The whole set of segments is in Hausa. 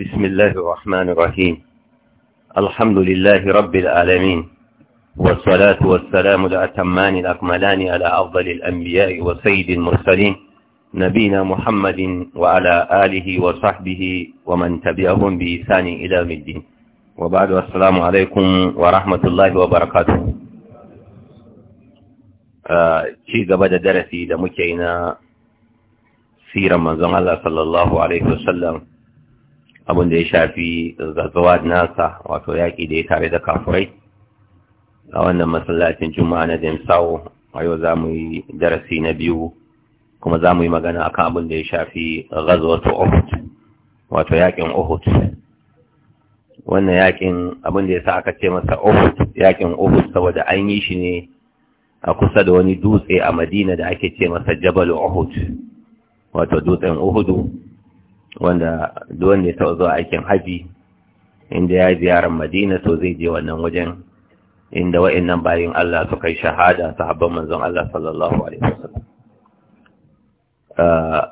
بسم الله الرحمن الرحيم الحمد لله رب العالمين والصلاة والسلام الأتمان الأكملان على أفضل الأنبياء وسيد المرسلين نبينا محمد وعلى آله وصحبه ومن تبعهم بإحسان إلى الدين وبعد السلام عليكم ورحمة الله وبركاته آه، شيء قبل درسي لمكينا سيرا من الله صلى الله عليه وسلم abin da ya shafi zazzawa nasa wato yaƙi da ya tare da kafurai a wannan masallacin juma'a na jamsawo a yau za mu yi darasi na biyu kuma za mu yi magana kan abin da ya shafi ghazwatu uhud wato yaƙin uhud wannan yaƙin abin da ya sa aka ce masa uhud yaƙin uhud saboda an yi shi ne a kusa da wani dutse a madina da ake ce masa jabal uhud wato dutsen uhudu wanda duwan ya taɓa zuwa aikin haji inda ya ziyarar madina to zai je wannan wajen inda wa'annan bayin Allah suka yi shahada sahabban manzon Allah sallallahu alaihi wasallam ah,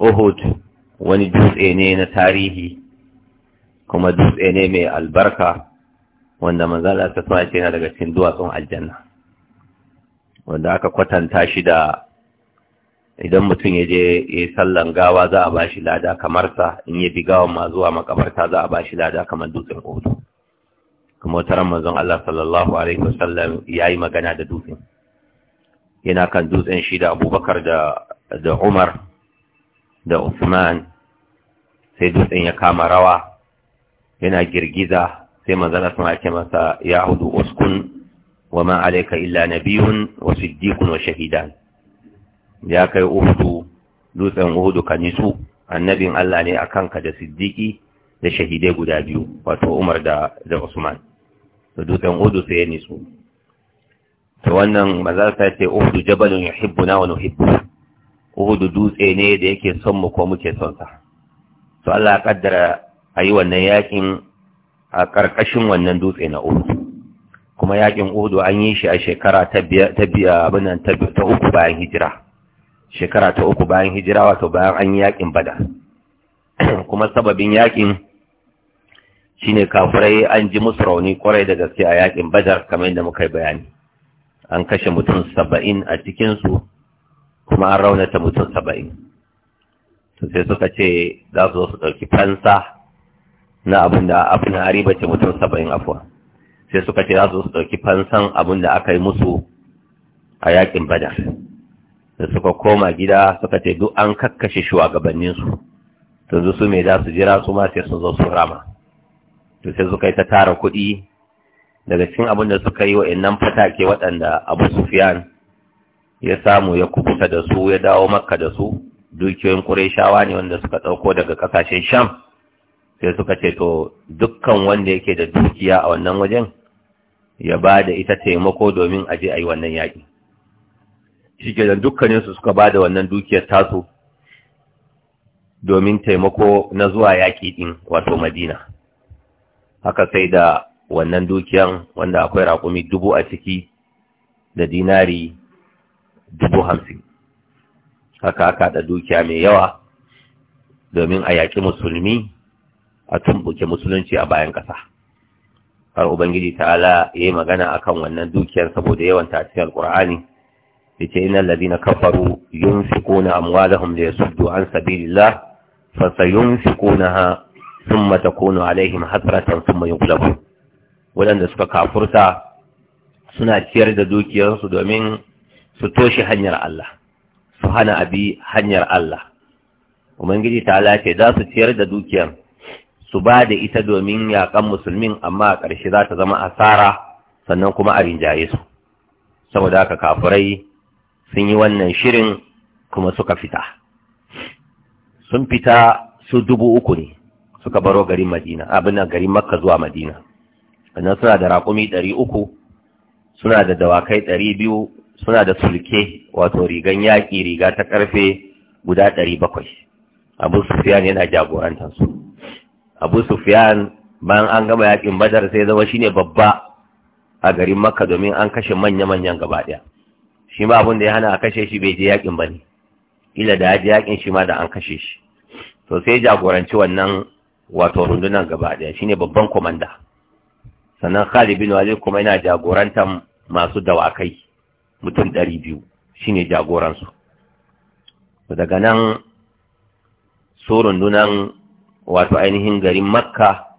Uhud wani dutse ne na tarihi kuma dutse ne mai albarka wanda manzala ta suna ce daga cikin duwatsun aljanna wanda aka kwatanta shi da idan mutum ya je ya yi sallan gawa za a ba shi lada kamar sa in ya bi gawar ma zuwa makabarta za a ba shi lada kamar dutsen kotu kuma wata manzon Allah sallallahu alaihi wasallam ya yi magana da dutsen yana kan dutsen shi da abubakar da da umar da usman sai dutsen ya kama rawa yana girgiza sai Allah ya ake masa ya hudu uskun wa ma alaika illa nabiyun wa siddiqun wa shahidan ya kai uhudu dutsen uhudu ka nisu annabin Allah ne a kanka da Siddiki da shahidai guda biyu wato umar da da usman da dutsen uhudu sai ya nisu to wannan maza ta ce uhudu jabalun yuhibbuna wa nuhibbu uhudu dutse ne da yake son mu ko muke son sa to Allah ya kaddara ayi wannan yakin a karkashin wannan dutse na uhudu kuma yakin uhudu an yi shi a shekara ta biya abin nan ta uku bayan hijira shekara ta uku bayan hijira wato bayan an yakin bada kuma sababin yakin shine kafirai an ji musu rauni kwarai da gaske a yakin badar kamar yadda muka yi bayani an kashe mutum saba'in a cikinsu kuma an raunata mutum saba'in sai suka ce za su su ɗauki fansa na abin da abin ba ce mutum saba'in afuwa sai suka ce za su su ɗauki fansan abin da aka yi musu a yakin badar da suka koma gida suka ce duk an kakkashe shugabanninsu to su mai za su jira su ma sai sun zo su rama to sai suka yi ta tara kuɗi daga cikin abin da suka yi wa'annan fatake waɗanda abu sufiyan ya samu ya kubuta da su ya dawo makka da su dukiyoyin ƙureshawa ne wanda suka ɗauko daga ƙasashen sham sai suka ce to dukkan wanda yake da dukiya a wannan wajen ya ba da ita taimako domin aje a yi wannan yaƙi shi ke da dukkaninsu suka ba da wannan dukiyar tasu domin taimako na zuwa yaƙi ɗin wato madina haka sai da wannan dukiyar wanda akwai raƙumi dubu a ciki da dinari dubu hamsin haka aka da dukiya mai yawa domin a yaƙi musulmi a tumbuke musulunci a bayan ƙasa har ubangiji ta'ala ya yi magana akan wannan dukiyar saboda yawan ta cikin yace innal ladina kafaru yunfiquna amwalahum liyasuddu an sabilillah fasayunfiqunaha thumma takunu alaihim hasratan thumma yughlabun wadanda suka kafurta suna ciyar da dukiyarsu domin su toshe hanyar Allah su hana abi hanyar Allah ubangiji ta lace za su ciyar da dukiyar su ba da ita domin yaƙan musulmin amma a ƙarshe za ta zama asara sannan kuma a rinjaye su saboda haka kafurai sun yi wannan shirin kuma suka fita sun fita su dubu uku ne suka baro garin madina abin nan garin makka zuwa madina sannan suna da raƙumi ɗari uku suna da dawakai ɗari biyu suna da sulke wato rigan yaƙi riga ta ƙarfe guda ɗari bakwai abu sufiyan yana su. abu sufiyan bayan an gama yaƙin badar sai zama shine babba a garin makka domin an kashe manya-manyan gaba ɗaya shi ma abin da ya hana a kashe shi bai je yakin ba ne ila da ya je yakin shi ma da an kashe shi to sai jagoranci wannan wato rundunar gaba ɗaya shine babban komanda sannan Khalid bin Walid kuma yana jagorantar masu dawakai mutum ɗari biyu shine jagoransu daga nan su rundunan wato ainihin garin Makka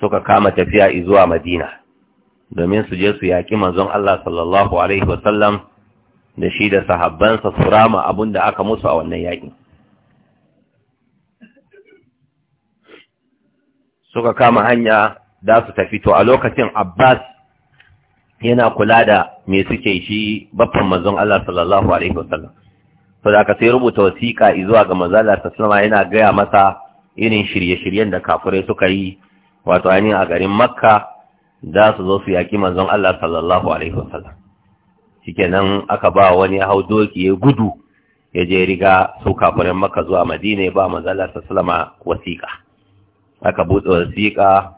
suka kama tafiya zuwa Madina domin su je su yaƙi manzon Allah sallallahu alaihi wasallam da shi da sahabbansa su rama abin da aka musu a wannan yaƙi suka kama hanya da su tafi to a lokacin abbas yana kula da me suke shi baffan manzon Allah sallallahu alaihi wasallam So da aka sai rubuta wasiƙa izuwa ga mazalar ta yana gaya masa irin shirye-shiryen da kafurai suka yi wato ainihin a garin makka za su zo su yaƙi manzon Allah sallallahu alaihi wasallam nan, aka ba wani ya hau doki ya gudu ya je riga su kafirin maka zuwa madina ba manzala sallama wasiƙa aka buɗe wasiƙa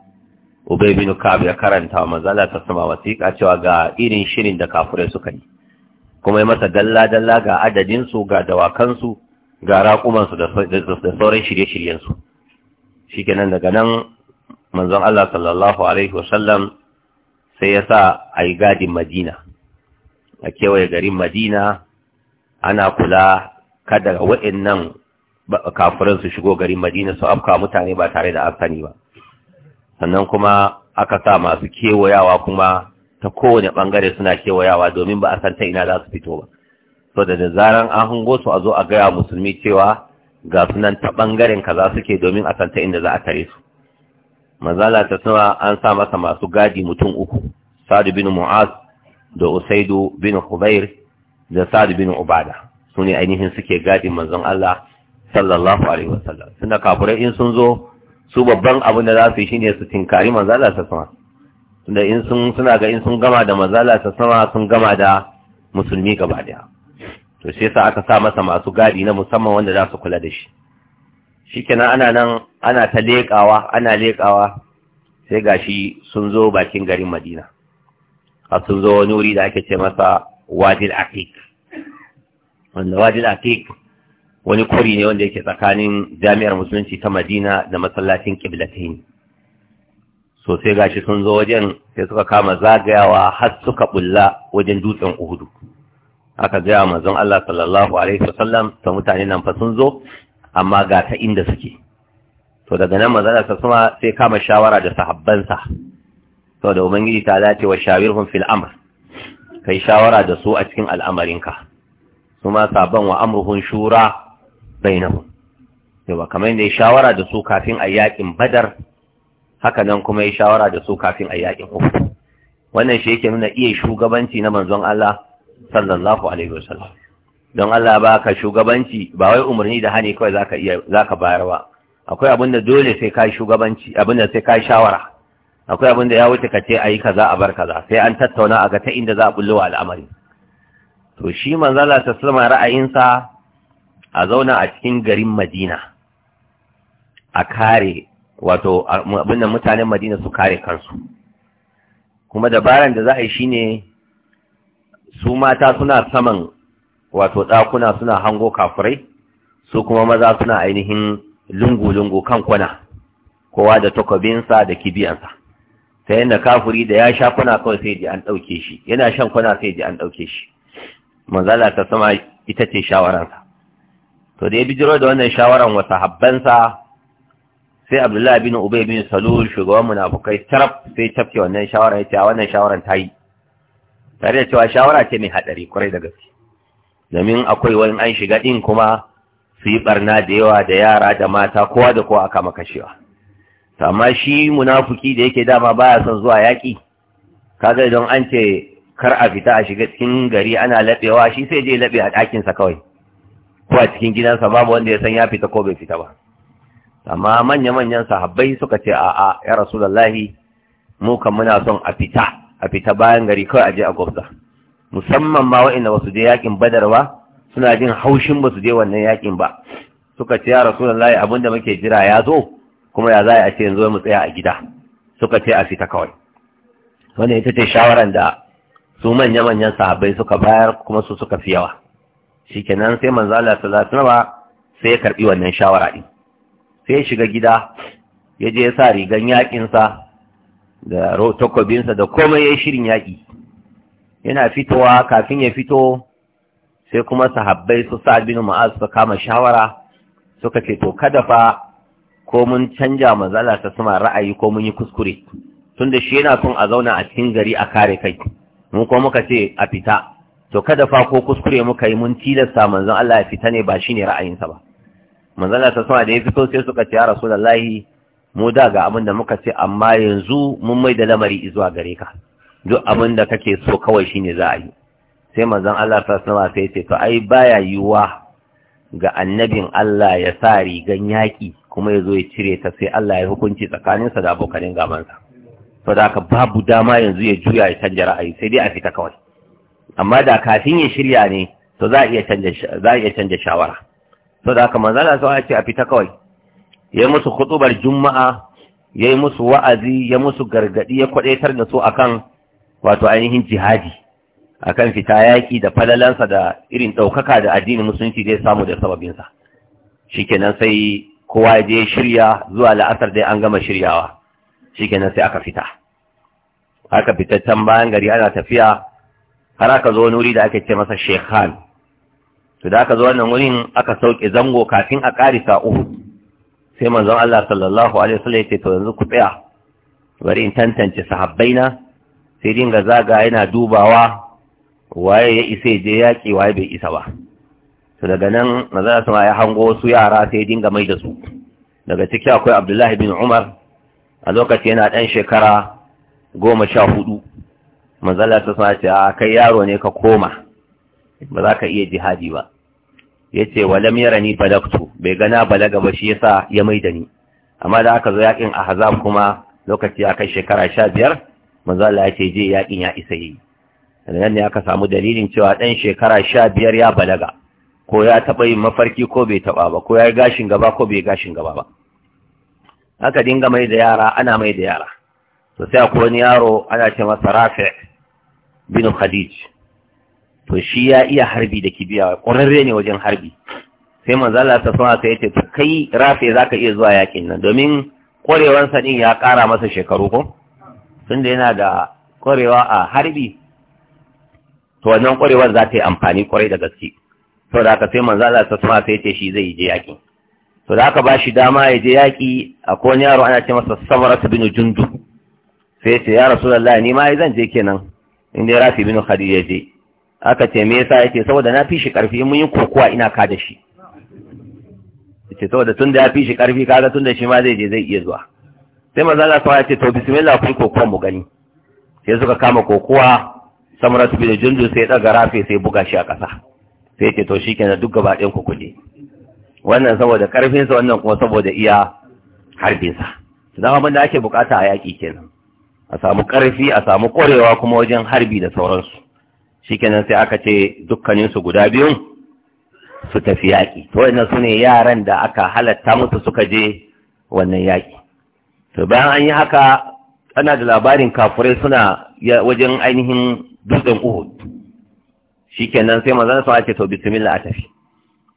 ubay bin kab ya karanta wa manzala sallama wasiƙa cewa ga irin shirin da kafirai suka yi kuma ya masa dalla dalla ga adadinsu, su ga dawakan su ga raƙumansu da sauran shirye-shiryen su shikenan daga nan manzon Allah sallallahu alaihi wasallam sai ya sa ayi gadin Madina a kewaye garin madina ana kula kada waɗannan kafirin su shigo garin madina su afka mutane ba tare da asani ba sannan kuma aka sa masu kewayawa kuma ta kowane bangare suna kewayawa domin ba a san ta ina za su fito ba so da da zaran an hango su a zo a gaya musulmi cewa ga sunan ta bangaren kaza suke domin a san ta inda za a tare su manzala ta sama an sa masa masu gadi mutum uku sadu bin mu'az da usaidu bin hubair da sad bin ubada su ainihin suke gadi manzon Allah sallallahu alaihi wasallam suna kafirai in sun zo su babban abin da za su yi shine su tinkari manzon Allah sallallahu tunda in sun suna ga in sun gama da manzon Allah sallallahu sun gama da musulmi gaba daya to sai sa aka sa masa masu gadi na musamman wanda za su kula da shi shikenan ana nan ana ta leƙawa ana leƙawa sai gashi sun zo bakin garin Madina a sun zo wani wuri da ake ce masa wajil atik wanda wajil atik wani kuri ne wanda yake tsakanin jami'ar musulunci ta madina da masallacin kiblatin so sai gashi sun zo wajen sai suka kama zagayawa har suka bulla wajen dutsen uhudu aka gaya manzon Allah sallallahu alaihi wasallam ta mutane nan fa sun zo amma ga ta inda suke to daga nan manzon Allah sai kama shawara da sahabbansa to da ubangiji ta zace wa shawirhum fil amr kai shawara da su a cikin al'amarinka ka. ma saban wa amruhum shura bainahum yawa kamar yadda shawara da su kafin a badar haka nan kuma ya shawara da su kafin a yakin uku wannan shi yake nuna iya shugabanci na manzon Allah sallallahu alaihi wasallam don Allah ba ka shugabanci ba wai umarni da hani kawai zaka iya zaka bayarwa akwai abin da dole sai ka shugabanci abin da sai ka shawara akwai abin da ya wuce ka ce yi kaza a bar kaza sai an tattauna a ga ta inda za a bullo al'amari to shi manzala ta sallama ra'ayinsa a zauna a cikin garin Madina a kare wato abin da mutanen Madina su kare kansu kuma dabaran da za a yi shine su mata suna saman wato ɗakuna suna hango kafurai su kuma maza suna ainihin lungu-lungu kan kwana kowa da takobinsa da kibiyansa ta yana kafuri da ya sha kuna kawai sai ji an ɗauke shi yana shan kuna sai ji an ɗauke shi manzala ta sama ita ce shawararsa to da ya bijiro da wannan shawaran wasu habbansa sai abdullahi bin ubay bin salul shugaban munafukai taraf sai tafke wannan shawara ya ce wannan shawaran ta yi tare da cewa shawara ce mai haɗari kwarai da gaske domin akwai wani an shiga ɗin kuma su yi ɓarna da yawa da yara da mata kowa da kowa aka makashewa amma shi munafuki da yake dama baya son zuwa yaƙi kaga don an ce kar a fita a shiga cikin gari ana laɓewa shi sai je labe a ɗakinsa kawai ko a cikin gidansa babu wanda ya san ya fita ko bai fita ba amma manya-manyan sahabbai suka ce a'a ya rasulallahi mu kan muna son a fita a fita bayan gari kawai a je a gwabza musamman ma wa'inda ba su je yakin badar ba suna jin haushin ba su je wannan yakin ba suka ce ya rasulallahi abinda muke jira ya zo kuma ya za a ce yanzu mu tsaya a gida suka ce a fita kawai wannan ita ce shawaran da su manya-manyan sahabbai suka bayar kuma su suka fi yawa shikenan sai manzo Allah sallallahu alaihi wasallam sai ya karbi wannan shawara din sai ya shiga gida ya je ya sa rigan yakin sa da takobin sa da komai ya shirin yaki yana fitowa kafin ya fito sai kuma sahabbai su sa bin ma'az su kama shawara suka ce to kada fa ko mun canja mazala ta sama ra'ayi ko mun yi kuskure da shi yana son a zauna a cikin gari a kare kai mu ko muka ce a fita to kada fa ko kuskure muka yi mun tilasta manzon Allah ya fita ne ba shine ra'ayinsa ba manzon ta sama da ya fito sai suka ce ya rasulullahi mu da ga abin muka ce amma yanzu mun mai da lamari zuwa gare ka duk abin da kake so kawai shine za a yi sai manzon Allah ta sama sai ce to ai baya yiwuwa ga annabin Allah ya sa rigan yaki. kuma ya zo ya cire ta sai Allah ya hukunci tsakaninsa da abokanin gabansa to da babu dama yanzu ya juya ya canja ra'ayi sai dai a fita kawai amma da kafin ya shirya ne to za a iya canja shawara to da haka manzana sai ya ce a fita kawai yayi musu khutubar juma'a yayi musu wa'azi ya musu gargadi ya kwaɗaitar da su akan wato ainihin jihadi akan fita yaƙi, da falalansa da irin ɗaukaka da addinin musulunci zai samu da sababinsa Shi kenan sai kowa ya je shirya zuwa la'asar dai an gama shiryawa kenan sai aka fita aka can bayan gari ana tafiya har aka zo wani wuri da ake ce masa shekhan to da aka zo wannan wurin aka sauke zango kafin a karisa uhu sai manzon Allah sallallahu alaihi wasallam ya ce to yanzu ku tsaya bari in tantance na, sai dinga zaga yana dubawa waye ya isa je yaki waye bai isa ba to daga nan maza sama ya hango su yara sai dinga mai da su daga ciki akwai abdullahi bin umar a lokaci yana ɗan shekara goma sha hudu manzala ta ce a kai yaro ne ka koma ba za ka iya jihadi ba ya ce walam yara ni balagtu bai gana balaga ba shi yasa ya mai da ni amma da aka zo yakin a hazab kuma lokaci ya kai shekara sha biyar manzala ya ce je yakin ya isa yi daga nan ne aka samu dalilin cewa ɗan shekara sha biyar ya balaga ko ya taɓa yin mafarki ko bai taɓa ba ko ya yi gashin gaba ko bai gashin gaba ba aka dinga mai da yara ana mai da yara to sai akwai wani yaro ana ce masa rafi bin khadij to shi ya iya harbi da kibiya ƙwararre ne wajen harbi sai manzala ta sama sai yace kai rafe za ka iya zuwa yakin nan domin ƙwarewansa ɗin ya ƙara masa shekaru ko tunda yana da ƙwarewa a harbi to wannan ƙwarewar za ta yi amfani ƙwarai da gaske to da aka sai manzo Allah ta suma sai ce shi zai je yaki to da aka ba shi dama ya je yaki akwai wani yaro ana ce masa Samara bin Jundu sai ce ya Rasulullahi ni ma zan je kenan in dai Rafi bin Khadija je aka ce me yasa yake saboda na fi shi karfi mun yi kokowa ina ka da shi yace saboda tun da ya fi shi karfi kaga tun da shi ma zai je zai iya zuwa sai manzo Allah ya ce to bismillah ku kokowa mu gani sai suka kama kokowa Samara bin Jundu sai ya daga Rafi sai buga shi a ƙasa sai ce to shikenan duk gaba ɗayan ku kuɗi wannan saboda sa wannan kuma saboda iya harbinsa zama abin da ake bukata a yaƙi kenan a samu ƙarfi, a samu ƙwarewa kuma wajen harbi da sauransu shikenan sai aka ce dukkaninsu guda biyun su tafi yaƙi to wannan su yaran da aka halatta musu suka je wannan yaƙi to bayan an yi haka ana da labarin kafurai suna wajen ainihin dutsen uhud shi nan sai mazan sa ce to bismillah a tafi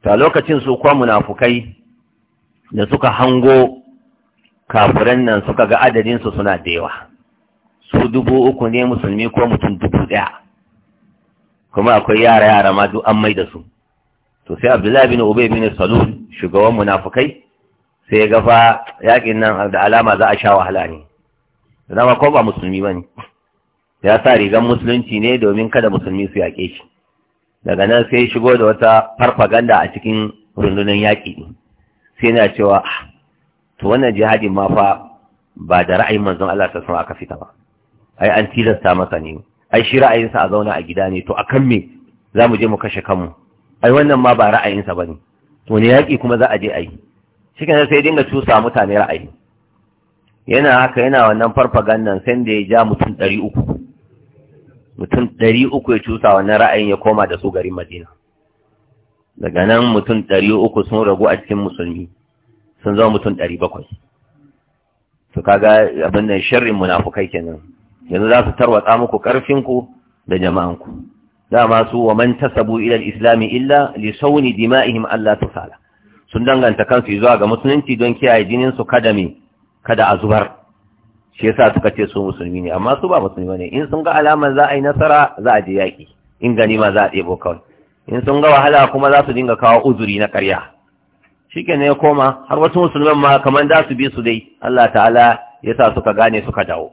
to lokacin su kuma munafukai da suka hango kafiran nan suka ga adadin su suna da yawa su dubu uku ne musulmi ko mutum dubu ɗaya kuma akwai yara yara ma duk an mai da su to sai abdullahi bin ubay bin salul shugaban munafukai sai ya fa yakin nan da alama za a sha wahala ne dama ko ba musulmi bane ya sa rigan musulunci ne domin kada musulmi su yaƙe shi daga nan sai shigo da wata farfaganda a cikin rundunar yaƙi sai na cewa ah, to wannan jihadin ma fa ba da ra'ayin manzon Allah ta sama aka fita ba ai an tilasta masa ne ai shi ra'ayinsa a zauna a gida ne to akan me za mu je mu kashe kanmu ai wannan ma ba ra'ayinsa ba ne to ne yaƙi kuma za a je a yi shi sai dinga cusa mutane ra'ayi yana haka yana wannan farfagandan sai da ya ja mutum ɗari uku mutum ɗari uku ya cusa wannan ra'ayin ya koma da su garin madina daga nan mutum ɗari uku sun ragu a cikin musulmi sun zama mutum ɗari bakwai su kaga abin nan sharrin munafukai kenan yanzu za su tarwatsa muku ƙarfinku da jama'anku dama su wa man tasabu ila islami illa li sauni dima'ihim Allah tusala sun danganta kansu zuwa ga musulunci don kiyaye jinin su kada me kada a zubar shi yasa suka ce su musulmi ne amma su ba musulmi ne in sun ga alaman za a yi nasara za a je yaƙi in gani ma za a ɗebo kawai in sun ga wahala kuma za su dinga kawo uzuri na ƙarya shi ne ya koma har wasu musulman ma kamar za su bi su dai Allah ta'ala ya sa suka gane suka dawo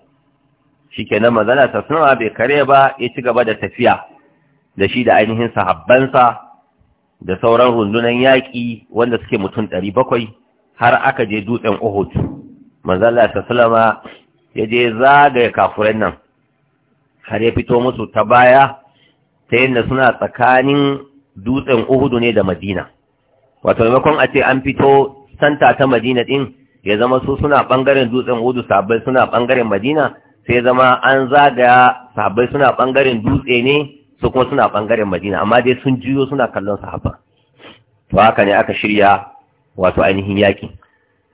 shi kenan mazana ta suna bai kare ba ya ci gaba da tafiya da shi da ainihin sahabbansa da sauran rundunan yaƙi wanda suke mutum ɗari bakwai har aka je dutsen Uhud. Manzala ta salama ya je zagaya kafuran nan har ya fito musu ta baya ta yadda suna tsakanin dutsen uhudu ne da madina wato maimakon a ce an fito santa ta madina din ya zama su suna bangaren dutsen uhudu sabai suna bangaren madina sai zama an zagaya sabai suna bangaren dutse ne su kuma suna bangaren madina amma dai sun juyo suna kallon sahaba to haka ne aka shirya wato ainihin yaki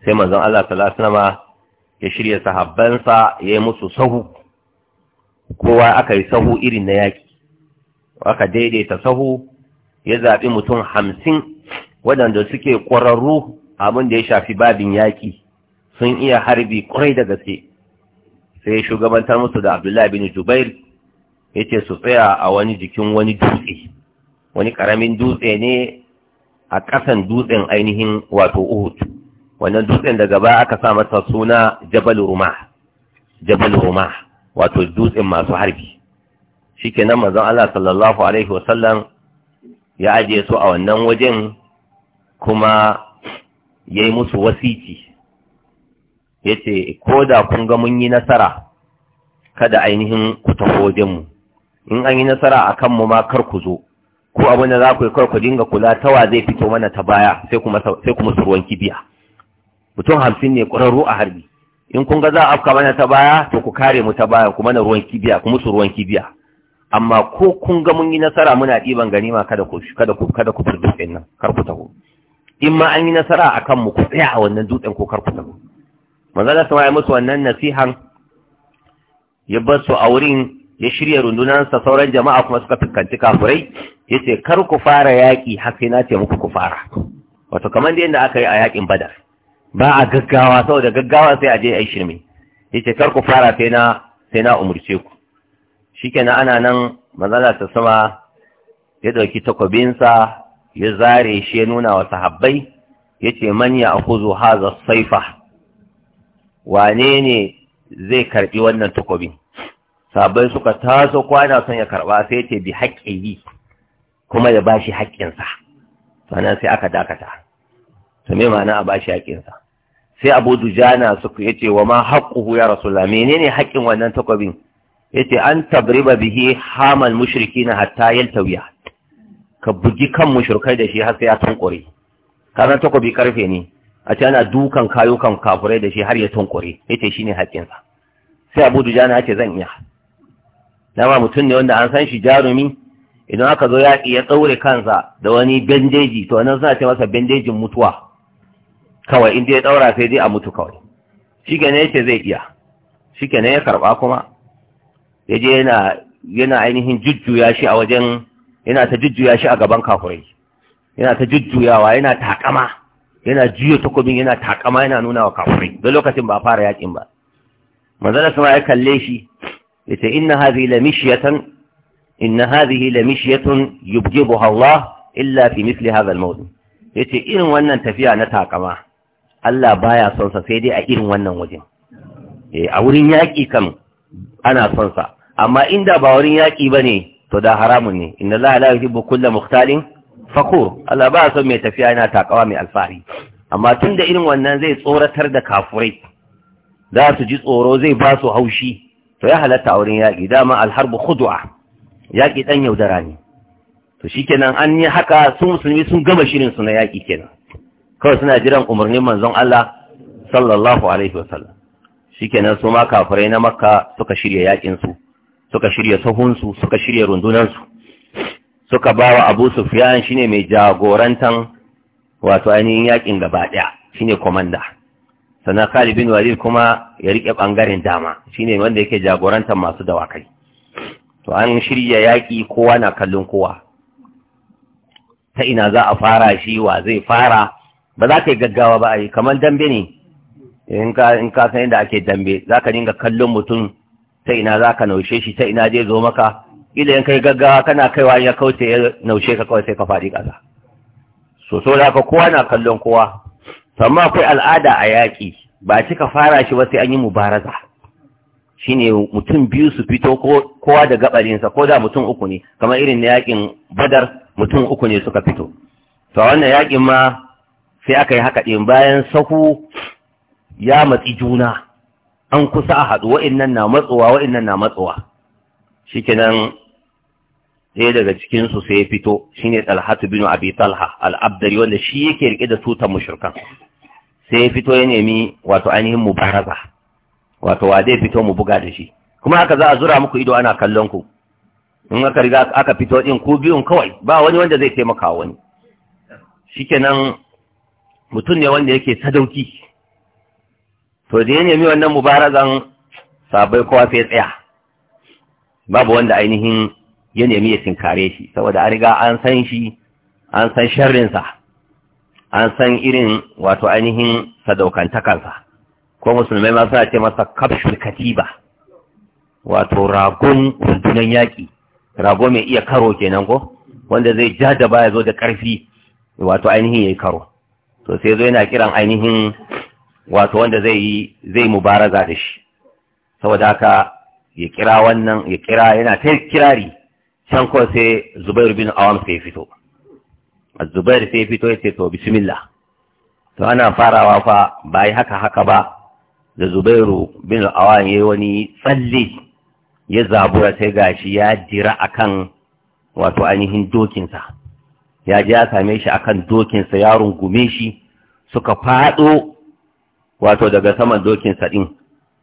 sai manzon Allah sallallahu alaihi wasallam ya shirya sahabbansa ya yi musu sahu kowa aka yi sahu irin na yaƙi aka daidaita sahu ya zaɓi mutum hamsin waɗanda suke ƙwararru abin da ya shafi babin yaƙi sun iya harbi ƙwarai da gaske sai shugabantar musu da abdullahi bin jubair ya ce su tsaya a wani jikin wani dutse wani ƙaramin dutse ne a ƙasan dutsen ainihin wato uhud wannan dutsen daga baya aka sa masa suna jabal rumah jabal rumah wato dutsen masu harbi shikenan manzon Allah sallallahu alaihi wasallam ya ajiye su a wannan wajen kuma yayi musu wasiti yace ko da kun ga mun yi nasara kada ainihin ku taho wajenmu in an yi nasara a kanmu ma kar ku zo ko abin da za ku yi kar ku dinga kula tawa zai fito mana ta baya sai kuma sai kuma ruwan kibiya mutum hamsin ne ƙwararru a harbi in kun ga za a afka mana ta baya to ku kare mu ta baya ku mana ruwan kibiya ku musu ruwan kibiya amma ko kun ga mun yi nasara muna ɗiban ganima kada ku kada ku kada ku furta ɗin nan kar ku taho in ma an yi nasara a kanmu ku tsaya a wannan dutsen ko kar ku taho manzo Allah ya musu wannan nasihan ya bar su a wurin ya shirya rundunar sa sauran jama'a kuma suka fuskanci kafurai yace kar ku fara yaƙi har sai na ce muku ku fara wato kamar da yadda aka yi a yaƙin badar ba a gaggawa saboda gaggawa sai a je a yi shirme yace kar ku fara sai na sai na umurce ku shikenan ana nan manzala ta sama ya dauki takobinsa ya zare shi ya nuna wa sahabbai yace man ya akuzu hadha saifa wane ne zai karbi wannan takobin sahabbai suka taso kwana son ya karba sai yace bi yi. kuma ya bashi haƙƙinsa sannan sai aka dakata to me ma'ana a bashi haƙƙinsa sai abu dujana suka yace wa ma haqquhu ya rasulullah menene haƙƙin wannan takwabin yace an tabriba bihi hamal mushrikina, hatta yaltawiya ka bugi kan mushrikai da shi har sai ya tunkure kana takwabi karfe ne a ce ana dukan kayukan kafurai da shi har ya tunkure yace shine haƙƙinsa sai abu dujana yace zan iya dama mutum ne wanda an san shi jarumi idan aka zo yaƙi ya tsaure kansa da wani bandeji to nan suna ce masa bandejin mutuwa kawai inda ya daura sai dai a mutu kawai shi ke ne ce zai iya shi ke ne ya karba kuma ya je yana yana ainihin jujjuya shi a wajen yana ta jujjuya shi a gaban kafurai yana ta jujjuyawa yana takama yana juya takobin yana takama yana nuna wa kafurai don lokacin ba fara yakin ba manzala sama ya kalle shi ya ce inna hadhihi lamishiyatan inna hadhihi lamishiyatun yubjibuha Allah illa fi misli hadha al-mawdu yace irin wannan tafiya na takama Allah baya son sa sai dai a irin wannan wajen eh a wurin yaki kan ana son sa amma inda ba wurin yaki bane to da haramun ne inna Allah la yuhibbu kulla mukhtalin fakur Allah ba son mai tafiya yana takawa mai alfahari amma tunda irin wannan zai tsoratar da kafurai za su ji tsoro zai ba su haushi to ya halatta a wurin yaki dama alharbu khudwa yaki dan yaudara ne to shikenan an yi haka sun musulmi sun gama shirin su na yaki kenan kawai suna jiran umarnin manzon Allah sallallahu alaihi wa sallam. shikenan su ma kafirai na makka suka shirya yakin su suka shirya sahun su suka shirya rundunan su suka bawa Abu Sufyan shine mai jagorantan wato ainihin yakin gaba daya shine komanda sannan Khalid bin Walid kuma ya rike bangaren dama shine wanda yake jagorantan masu dawakai to an shirya yaki kowa na kallon kowa ta ina za a fara shi wa zai fara ba za ka yi gaggawa ba a yi kamar dambe ne in ka san yadda ake dambe za ka dinga kallon mutum ta ina za ka naushe shi ta ina zai zo maka ila in kai gaggawa kana kaiwa ya kauce ya naushe ka kawai sai ka faɗi ƙasa so so da ka kowa na kallon kowa amma akwai al'ada a yaƙi ba a cika fara shi ba sai an yi mubaraza shine mutum biyu su fito kowa da gabarinsa ko da mutum uku ne kamar irin na yaƙin badar mutum uku ne suka fito to wannan yaƙin ma sai aka yi haka ɗin bayan sahu ya matsi juna an kusa a haɗu wa'innan na matsowa wa'innan na matsowa shikenan ɗaya daga cikinsu sai ya fito shine talhatu binu abi talha al'abdari wanda shi yake riƙe da tutan mushirkan. sai ya fito ya nemi wato ainihin Baraza." wato wa zai fito mu buga da shi kuma haka za a zura muku ido ana kallon ku in aka riga aka fito ɗin ku biyun kawai ba wani wanda zai taimaka wani shikenan mutum ne wanda yake sadauki to da ya nemi wannan mubarazan sabai kowa sai tsaya babu wanda ainihin ya nemi ya sinkare shi saboda an riga an san shi an san sharrinsa an san irin wato ainihin sadaukantakansa ko musulmai ma suna ce masa kafshul katiba wato ragon rundunan yaƙi rago mai iya karo kenan ko wanda zai ja da baya zo da ƙarfi wato ainihin ya yi karo to sai zo yana kiran ainihin wato wanda zai yi zai mubaraza da shi saboda haka ya kira wannan ya kira yana ta kirari can ko sai Zubair bin Awam sai fito Zubair sai fito ya ce to bismillah to ana farawa fa ba yi haka haka ba da Zubairu bin Awam yayi wani tsalle ya zabura sai gashi ya dira akan wato ainihin dokinsa ya je ya same shi akan dokinsa ya rungume shi suka faɗo wato daga saman dokinsa ɗin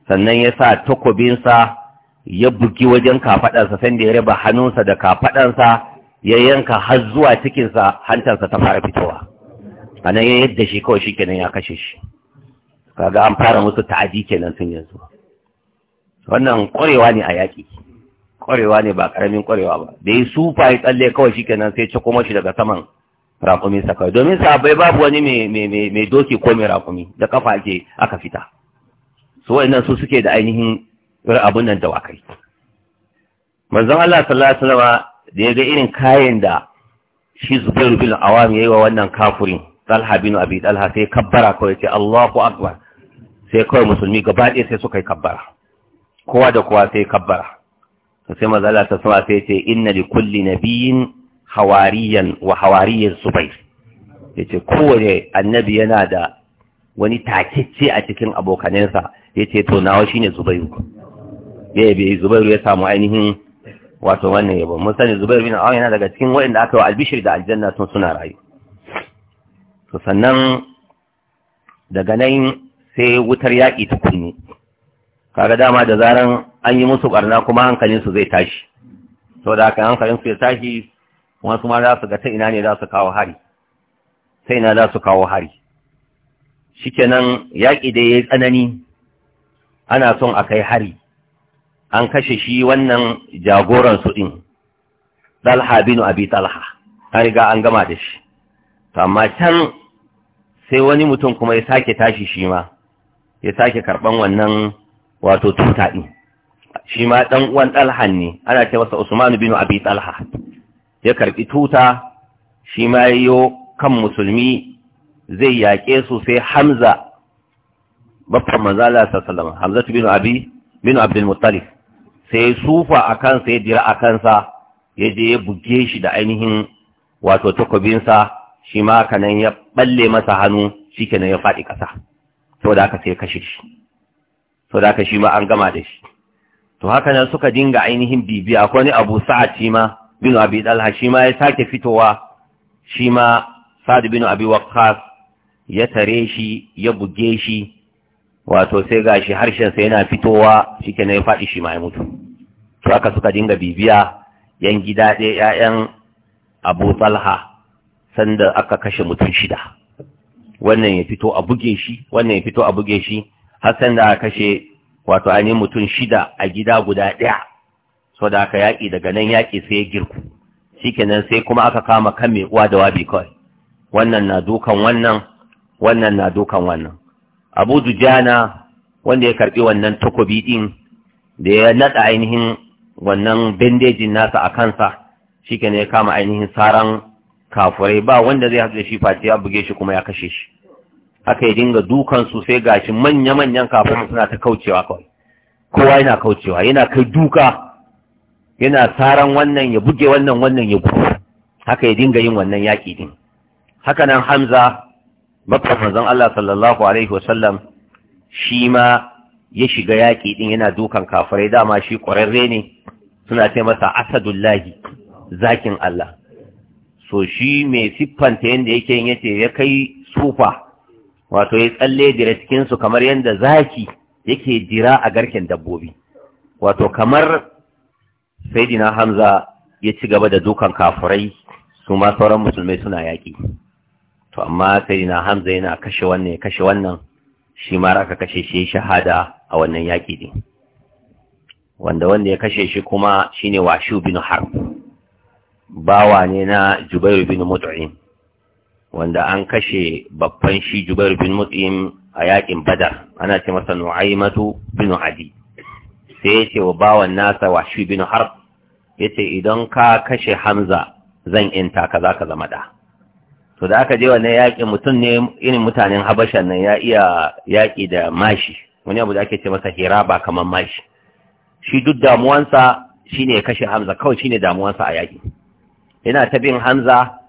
sannan ya sa takobinsa ya bugi wajen kafaɗansa sanda ya raba hannunsa da kafaɗansa ya yanka har zuwa cikinsa hantarsa ta fara fitowa a nan ya yadda shi kawai shi ya kashe shi kaga an fara musu ta'adi kenan sun yanzu wannan ƙwarewa ne a yaƙi kwarewa ne ba karamin kwarewa ba da yi sufa ya tsalle kawai shi kenan sai ci kuma shi daga saman rakumi sa kawai domin sabai babu wani mai doki ko mai rakumi da kafa ke aka fita su wa'annan su suke da ainihin abun nan da wakai manzon Allah sallallahu alaihi wasallam da ya ga irin kayan da shi Zubairu bin Awam yayi wa wannan kafirin Talha bin Abi Talha sai kabbara kawai ce Allahu Akbar sai kawai musulmi gaba ɗaya sai suka yi kabbara kowa da kowa sai kabbara sai mazala ta sama sai ce inna li kulli nabiyyin hawariyan wa hawariyyin subair yace kowane annabi yana da wani takicce a cikin abokanensa yace to nawa shine zubairu ya yabe zubairu ya samu ainihin wato wannan yabo mun sani zubairu bin awon yana daga cikin waɗanda aka yi albishir da aljanna sun suna rayu to sannan daga nan sai wutar yaƙi ta kunne kaga dama da zaran an yi musu barna kuma hankalinsu zai tashi sau da haka hankalinsu ya tashi wasu ma za su ga ta ina ne za su kawo hari ta ina za su kawo hari shikenan yaƙi da ya yi tsanani ana son a kai hari an kashe shi wannan jagoransu ɗin ɗalha binu abi talha an riga an gama da shi amma can sai wani mutum kuma ya sake tashi shi ma ya sake karɓan wannan wato tuta ɗin shi ma ɗan uwan ɗalhan ne ana ce masa Usman bin Abi Ɗalha. ya karɓi tuta shi ma yiwo kan musulmi zai yaƙe su sai Hamza babban manzo Allah sallallahu alaihi Hamza bin Abi bin Abdul Muttalib sai sufa a kansa, ya jira a kansa, ya buge shi da ainihin wato takobinsa shi ma kanan ya balle masa hannu shi kenan ya faɗi ƙasa Sau da aka sai kashe shi to da ka shi ma an gama da shi to haka nan suka dinga ainihin bibiya akwai wani abu sa'ad shi ma bin abi dalha shi ma ya sake fitowa shi ma sa'ad bin abi waqqas ya tare shi ya buge shi wato sai gashi harshen sa yana fitowa ne ya faɗi shi ma ya mutu to haka suka dinga bibiya yan gida ɗaya 'ya'yan Abu Talha sanda aka kashe mutum shida wannan ya fito a buge shi wannan ya fito a buge shi hassan da kashe wato ainihin mutum shida a gida guda ɗaya so da aka yaƙi daga nan yaƙi sai ya girku shikenan sai kuma aka kama kan mai uwa da wabi kawai wannan na dukan wannan wannan na dukan wannan abu dujana wanda ya karɓi wannan takobi ɗin da ya naɗa ainihin wannan bandejin nasa a kansa kenan ya kama ainihin saran kafurai ba wanda zai haɗu da shi face ya buge shi kuma ya kashe shi aka yi dinga su sai gashi manya-manyan kafin suna ta kaucewa kawai kowa yana kaucewa yana kai duka yana saran wannan ya buge wannan wannan ya gudu haka ya dinga yin wannan yaƙi din haka nan hamza babban manzon Allah sallallahu alaihi wasallam shi ma ya shiga yaƙi din yana dukan kafirai dama shi ƙwararre ne suna ce masa asadullahi zakin Allah so shi mai siffanta yadda yake yin yace ya kai sufa wato ya tsalle dira cikinsu kamar yadda zaki yake jira a garken dabbobi wato kamar saidina hamza ya ci gaba da dukan kafurai su ma sauran musulmai suna yaƙi to amma saidina hamza yana kashe wannan kashe wannan shi ma aka kashe shi shahada a wannan yaƙi din wanda wanda ya kashe shi kuma shine washu bin harb bawa ne na jubairu bin mut'im wanda an kashe babban shi Jubair bin Mut'im a yakin Badar ana ce masa Nu'aymatu bin Adi sai ya ce wa bawan nasa wa shi bin Harb yace idan ka kashe Hamza zan inta ka zaka zama da to da aka je wannan yakin mutum ne irin mutanen Habasha nan ya iya yaki da mashi wani abu da ake ce masa hira ba kamar mashi shi duk damuwansa shine ya kashe Hamza kawai shine damuwansa a yaki Ina ta bin Hamza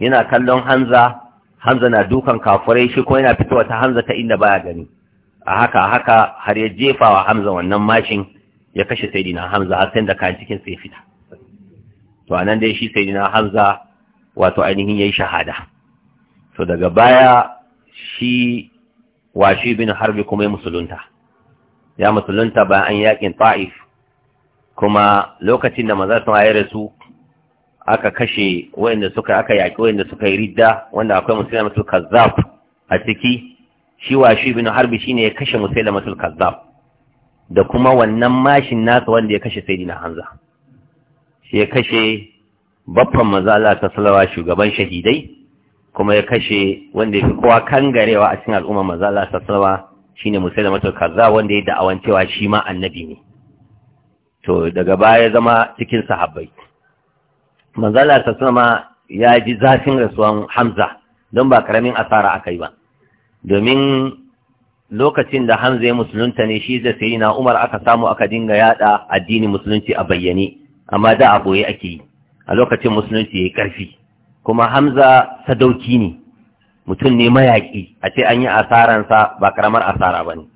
yana kallon hanza hanza na dukan kafurai shi kuma yana fitowa wata hanza ta inda baya gani a haka haka har ya jefa wa hamza wannan mashin ya kashe saidina hamza har sai da kayan cikin sai fita to anan dai shi dina hamza wato ainihin yayi shahada to daga baya shi washi bin harbi kuma ya musulunta ya musulunta bayan an yakin ta'if kuma lokacin da maza sun ya rasu aka kashe wayanda suka aka yaki wayanda suka yi ridda wanda akwai musailamatul kazzab a ciki shi wa shi ibn harbi shine ya kashe musailamatul kazzab da kuma wannan mashin nasa wanda ya kashe sayyidina hamza shi ya kashe babban maza Allah ta salawa shugaban shahidai kuma ya kashe wanda ya fi kowa kangarewa a cikin al'ummar maza Allah ta salawa shine musailamatul kazzab wanda ya da'awan cewa shi ma annabi ne to daga baya zama cikin sahabbai manzala ta sama ya ji zafin rasuwan hamza don ba karamin asara a kai ba domin lokacin da hamza ya musulunta ne shi da sai na umar aka samu aka dinga yada addini musulunci a bayyane amma da a boye ake yi a lokacin musulunci ya yi karfi kuma hamza sadauki ne mutum ne mayaƙi a ce an yi asaransa ba karamar asara ba ne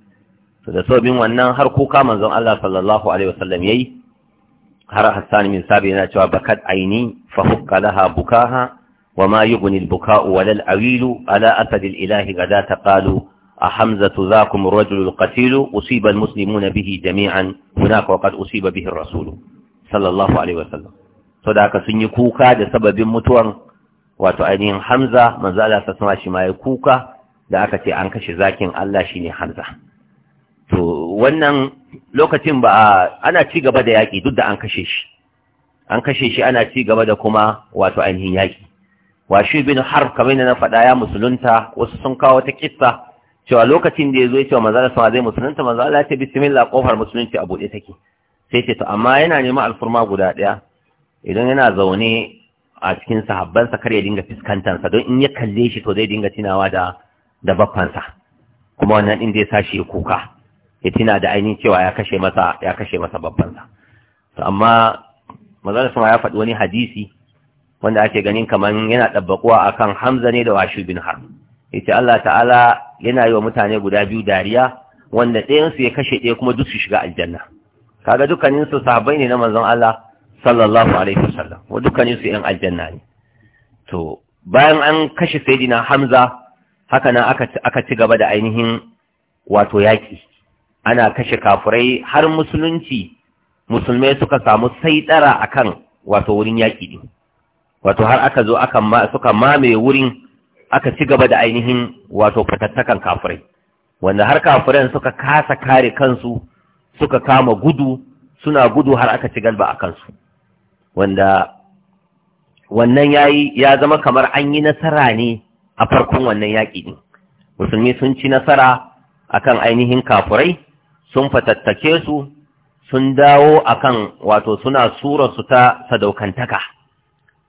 da sobin wannan har kuka manzon Allah sallallahu alaihi wasallam yayi har hassani min Sabi yana cewa bakat aini fa hukka laha bukaha wa ma yughni al-buka'u wala al-awilu ala asad al-ilahi gadata qalu a hamzatu zakum ar-rajulu al-qatilu usiba al-muslimuna bihi jami'an hunaka waqad usiba bihi ar-rasulu sallallahu alaihi sallam. so da haka sun yi kuka da sababin mutuwar wato ainihin Hamza manzo Allah sallallahu shi ma ya kuka da aka ce an kashe zakin Allah shine Hamza to wannan lokacin ba ana ci gaba da yaƙi duk da an kashe shi an kashe shi ana ci gaba da kuma wato ainihin yaƙi Washi bin har kamar yadda na faɗa ya musulunta wasu sun kawo wata kissa cewa lokacin da ya zo ya wa manzala sama zai musulunta manzala ce bismillah kofar musulunci a buɗe take sai ce to amma yana neman alfurma guda ɗaya idan yana zaune a cikin sahabbansa kar ya dinga sa don in ya kalle shi to zai dinga tunawa da da baffansa kuma wannan din zai sa shi ya kuka ya tuna da ainihin cewa ya kashe masa ya kashe masa babban sa to amma manzon sun ya faɗi wani hadisi wanda ake ganin kaman yana dabbakuwa akan Hamza ne da Washu bin har? yace Allah ta'ala yana yi wa mutane guda biyu dariya wanda ɗayan su ya kashe ɗaya kuma duk su shiga aljanna kaga dukkanin su sahabbai ne na manzon Allah sallallahu alaihi wasallam wa dukkanin su ɗan aljanna ne to bayan an kashe saidina Hamza haka nan aka aka ci gaba da ainihin wato yaki ana kashe kafurai har musulunci musulmai suka samu saidara akan wato wurin yaƙi din wato har aka zo suka mamaye wurin aka ci gaba da ainihin wato fatattakan kafurai wanda har kafuran suka kasa kare kansu suka kama gudu suna gudu har aka ci galba a kansu wanda wannan yayi ya zama kamar an yi nasara ne a farkon wannan yaƙi din musulmi sun ci nasara akan ainihin kafurai sun fatattake su sun dawo a kan wato suna surarsu ta sadaukantaka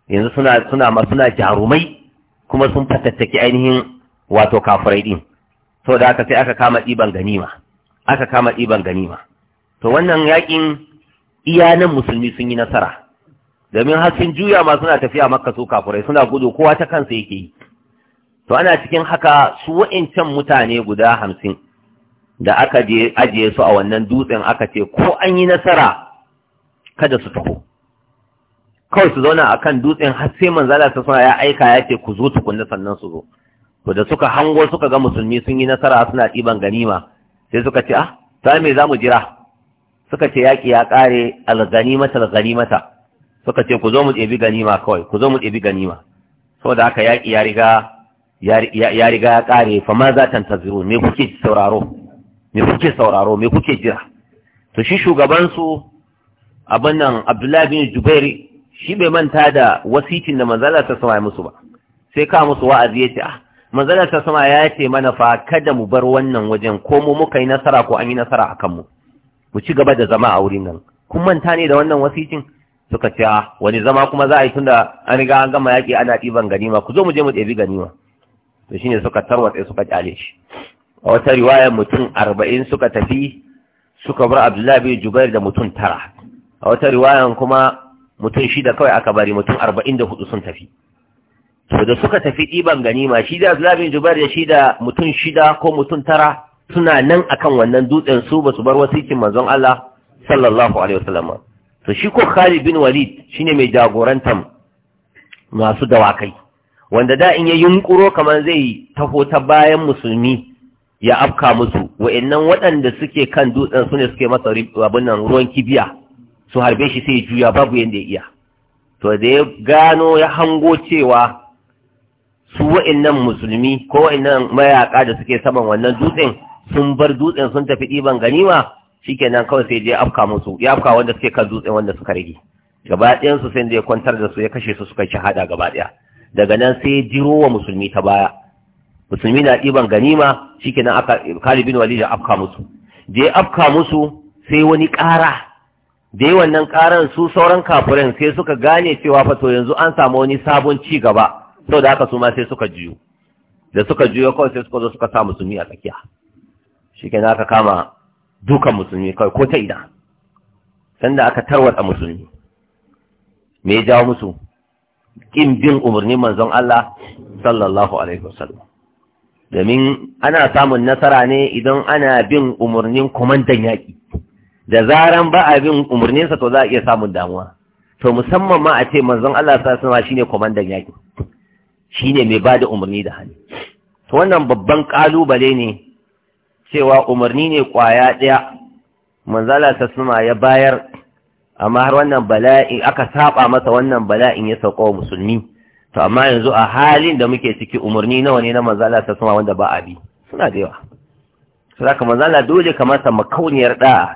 yanzu suna suna ma jarumai kuma sun fatattake ainihin wato kafirai din so da aka sai aka kama ɗiban ganima aka kama ɗiban ganima to wannan yakin iyanan musulmi sun yi nasara domin har sun juya ma suna tafiya makka su kafirai suna gudu kowa ta kansa yake yi to ana cikin haka su wa'incan mutane guda hamsin da aka je ajiye su a wannan dutsen aka ce ko an yi nasara kada su taho kawai su zauna akan dutsen har sai manzala ta suna ya aika ya ce ku zo tukunna sannan su zo to da suka hango suka ga musulmi sun yi nasara suna ɗiban ganima sai suka ce ah ta me za mu jira suka ce yaƙi ya ƙare alganimata alganimata suka ce ku zo mu ɗebi ganima kawai ku zo mu ɗebi ganima saboda haka yaƙi ya riga ya riga ya ƙare fa ma za ta taziru me kuke sauraro me kuke sauraro me kuke jira to shi shugabansu abin nan abdullahi bin jubairi shi bai manta da wasitin da manzala ta sama musu ba sai ka musu wa'azi ya ce ah manzala ta sama ya ce mana fa kada mu bar wannan wajen ko mu muka yi nasara ko an yi nasara a kanmu mu ci gaba da zama a wurin nan kun manta ne da wannan wasitin suka ce ah wani zama kuma za a yi tunda an riga an gama yaƙi ana ɗiban ganima ku zo mu je mu ɗebi ganima to shine suka tarwatsa suka ƙyale shi a wata riwaya mutum arba'in suka tafi suka bar abdullahi bin jubair da mutum tara a wata riwayar kuma mutum shida kawai aka bari mutum arba'in da hudu sun tafi to da suka tafi ɗiban ganima shi da abdullahi bin jubair da shi da mutum shida ko mutum tara suna nan akan wannan dutsen su ba su bar wasikin manzon Allah sallallahu alaihi wasallam to shi ko Khalid bin Walid shine mai jagorantan masu dawakai wanda da in ya yunkuro kamar zai taho ta bayan musulmi ya afka musu wa'annan waɗanda suke kan dutsen su ne suke masa abin nan ruwan kibiya su harbe shi sai juya babu yadda ya iya to da ya gano ya hango cewa su wa'annan musulmi ko wa'annan mayaka da suke saman wannan dutsen sun bar dutsen sun tafi ɗiban ganima shi shikenan kawai sai je afka musu ya afka wanda suke kan dutsen wanda suka rage gaba ɗayan su sai da ya kwantar da su ya kashe su suka shahada gaba ɗaya daga nan sai ya jiro wa musulmi ta baya musulmi na ɗiban ganima shikenan aka Khalid bin Walid ya afka musu da ya afka musu sai wani ƙara da yi wannan ƙaran su sauran kafirin sai suka gane cewa fa to yanzu an samu wani sabon ci gaba saboda haka su ma sai suka juyo da suka juyo kawai sai suka zo suka sa musulmi a tsakiya shikenan aka kama dukan musulmi kawai ko ta ina sanda aka tarwata musulmi me ya jawo musu kin bin umarnin manzon Allah sallallahu alaihi wasallam domin ana samun nasara ne idan ana bin umarnin kwamandan yaƙi da zaran ba a bin umarninsa to za a iya samun damuwa to musamman ma a ce manzon Allah sa shi shine kwamandan yaƙi shine mai ba da umarni da hali to wannan babban ƙalubale ne cewa umarni ne ƙwaya ɗaya manzala ta suma ya bayar amma har wannan bala'in aka saba masa wannan bala'in ya sauka wa musulmi to amma yanzu a halin da muke ciki umarni nawa ne na manzala ta sama wanda ba a bi suna da yawa su ka manzala dole kamata makauniyar ɗa'a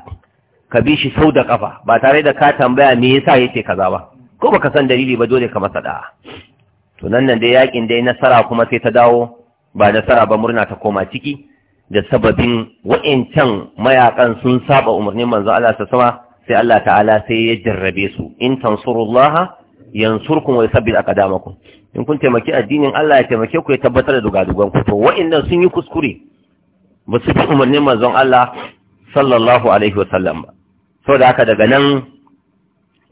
ka bi shi sau da kafa ba tare da ka tambaya me yasa yake kaza ba ko baka san dalili ba dole ka masa da'a to nan nan dai yakin dai nasara kuma sai ta dawo ba nasara ba murna ta koma ciki da sababin wa'incan mayakan sun saba umarnin manzo Allah ta sama sai Allah ta'ala sai ya jarrabe su in tansurullaha yansurkum wa yusabbit aqdamakum in kun taimaki addinin Allah ya taimake ku ya tabbatar da dugadugan ku to wa'annan sun yi kuskure ba su bi umarnin manzon Allah sallallahu alaihi wa sallam ba saboda haka daga nan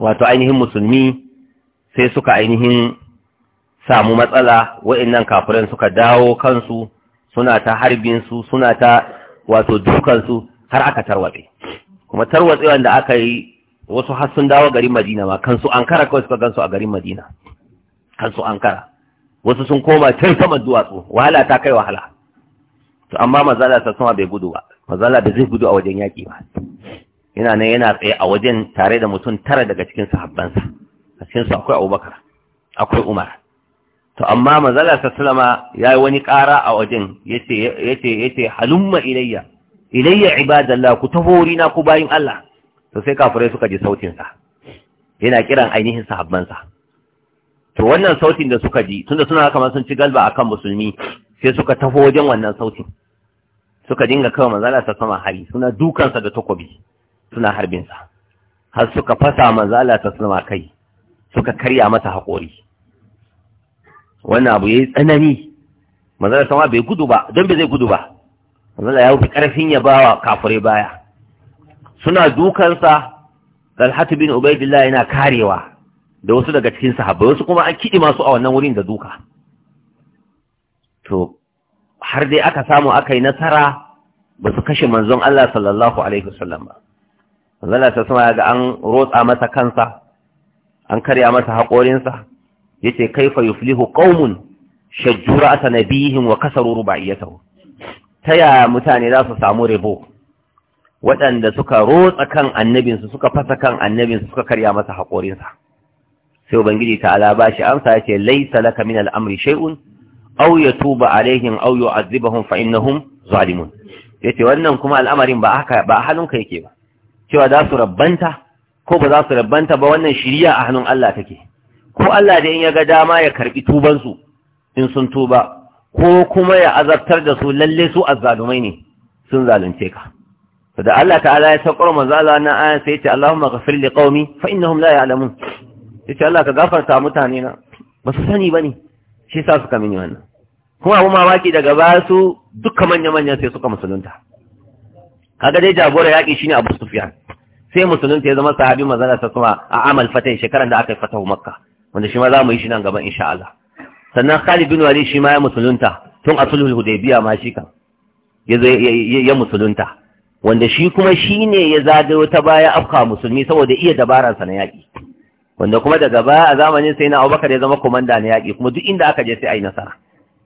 wato ainihin musulmi sai suka ainihin samu matsala wa'annan kafiran suka dawo kansu suna ta harbin su suna ta wato dukan su har aka tarwatse kuma tarwatsewan da aka yi wasu har sun dawo garin Madina ma kansu Ankara kawai suka gansu a garin Madina kansu Ankara wasu sun koma can sama duwatsu wahala ta kai wahala to amma mazala ta sama bai gudu ba mazala da zai gudu a wajen yaƙi ba yana nan yana tsaye a wajen tare da mutum tara daga cikin sahabbansa a cikin su akwai Abubakar akwai Umar to amma mazala ta ya yi wani ƙara a wajen yace yace yace halumma ilayya ilayya ibadallah ku tahorina ku bayin Allah to sai kafirai suka ji sautinsa yana kiran ainihin sahabbansa to wannan sautin da suka ji tunda suna kamar sun ci galba akan musulmi sai suka taho wajen wannan sautin suka dinga kawo manzala ta sama hari suna dukansa da takobi suna harbinsa har suka fasa manzala ta sama kai suka karya masa haƙori wannan abu ya yi tsanani manzala sama bai gudu ba don bai zai gudu ba manzala ya wuce ƙarfin ya bawa kafurai baya suna dukansa talhatu bin ubaidillah yana karewa da wasu daga cikin sahabbai wasu kuma an kiɗi masu a wannan wurin da duka to har dai aka samu aka yi nasara ba su kashe manzon Allah sallallahu alaihi wasallam ba manzon ta sama ga an rotsa masa kansa an karya masa haƙorinsa yace kaifa yuflihu qaumun shajjura ata nabihim wa kasaru rubaiyatahu ta yaya mutane za su samu rebo waɗanda suka rotsa kan annabinsu suka fasa kan annabinsu suka karya masa haƙorinsa sai ubangiji ta'ala ba shi amsa yace laisa laka min al-amri shay'un aw yatuba alaihim aw yu'adhibahum fa innahum zalimun yace wannan kuma al'amarin ba haka ba halinka yake ba cewa za su rabbanta ko ba za su rabbanta ba wannan shiriya a hannun Allah take ko Allah da in ya ga dama ya karbi tubansu in sun tuba ko kuma ya azabtar da su lalle su azzalumai ne sun zalunce ka to da Allah ta'ala ya saukar manzo Allah na ayan sai ya ce Allahumma ghafir li qaumi fa innahum la ya'lamun yace Allah ka gafarta mutane na ba su sani bane shi yasa suka mini wannan kuma abu mamaki daga baya su dukkan manya-manyan sai suka musulunta kaga dai jagora yaƙi shine Abu Sufyan sai musulunta ya zama sahabi manzo ta kuma a amal fatan da aka fatahu Makka wanda shi ma za mu yi shi nan gaban sannan Khalid bin Walid shi ya musulunta tun a sulhul ma shi kan ya musulunta wanda shi kuma shi ne ya zagayo ta baya afka musulmi saboda iya dabararsa na yaƙi wanda kuma daga baya a zamanin sai na abubakar ya zama komanda na yaƙi kuma duk inda aka je sai a yi nasara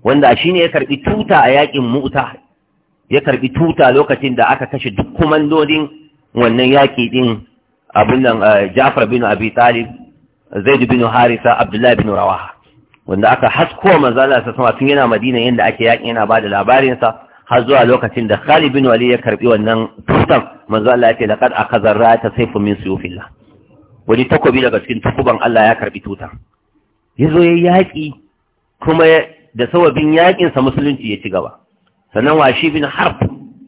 wanda shi ne ya karɓi tuta a yaƙin mu'uta ya karɓi tuta lokacin da aka kashe duk komandodin wannan yaƙi ɗin abin nan eh, jafar bin abi talib zaid bin harisa abdullahi bin rawaha wanda aka hasko manzala sama tun yana madina yanda ake yaƙi yana ba da labarinsa har zuwa lokacin da Khalid bin Walid ya karbi wannan tutan manzo Allah ya ce laqad akaza ra'ata sayfun min suyufillah wani takobi daga cikin takuban Allah ya karbi tutan yazo yayi yaki kuma da sawabin yakin sa musulunci ya ci gaba sannan washi bin harb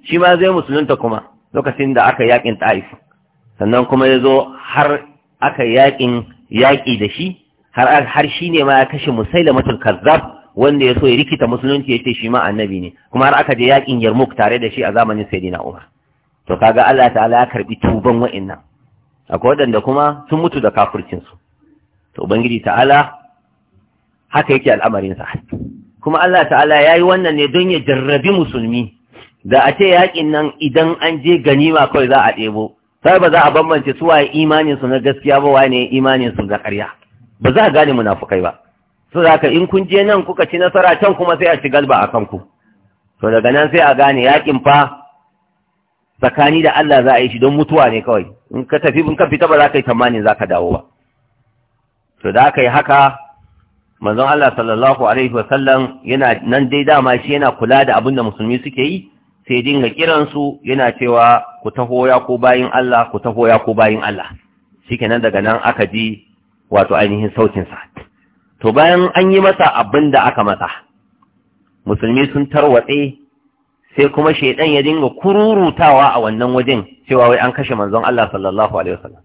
shi ma zai musulunta kuma lokacin da aka yakin Taif sannan kuma yazo har aka yakin yaki da shi har har shi ma ya kashe Musailamatul Kazzab wanda ya so ya rikita musulunci ya ce shi ma annabi ne kuma har aka je yakin yarmuk tare da shi a zamanin sayyidina umar to kaga Allah ta'ala ya karbi tuban wa'annan akwai wadanda kuma sun mutu da kafircin su to ubangiji ta'ala haka yake al'amarin sa kuma Allah ta'ala ya yi wannan ne don ya jarrabi musulmi da a ce yakin nan idan an je ganima kawai za a debo sai ba za a bambance su waye imanin su na gaskiya ba waye ne imanin su na ƙarya ba za a gane munafukai ba Su da ka in kun je nan kuka ci nasara can kuma sai a ci galba a kanku to daga nan sai a gane yakin fa tsakani da Allah za a yi shi don mutuwa ne kawai in ka tafi in ka fita ba za ka yi tamanin za ka dawo ba to da aka yi haka manzon Allah sallallahu alaihi sallam yana nan dai dama shi yana kula da abin da musulmi suke yi sai dinga kiran su yana cewa ku taho ya ko bayin Allah ku taho ya ko bayin Allah shikenan daga nan aka ji wato ainihin sautin sa to bayan an yi masa abin da aka masa musulmi sun tarwatse sai kuma shaidan ya dinga kururutawa a wannan wajen cewa wai an kashe manzon Allah sallallahu alaihi wasallam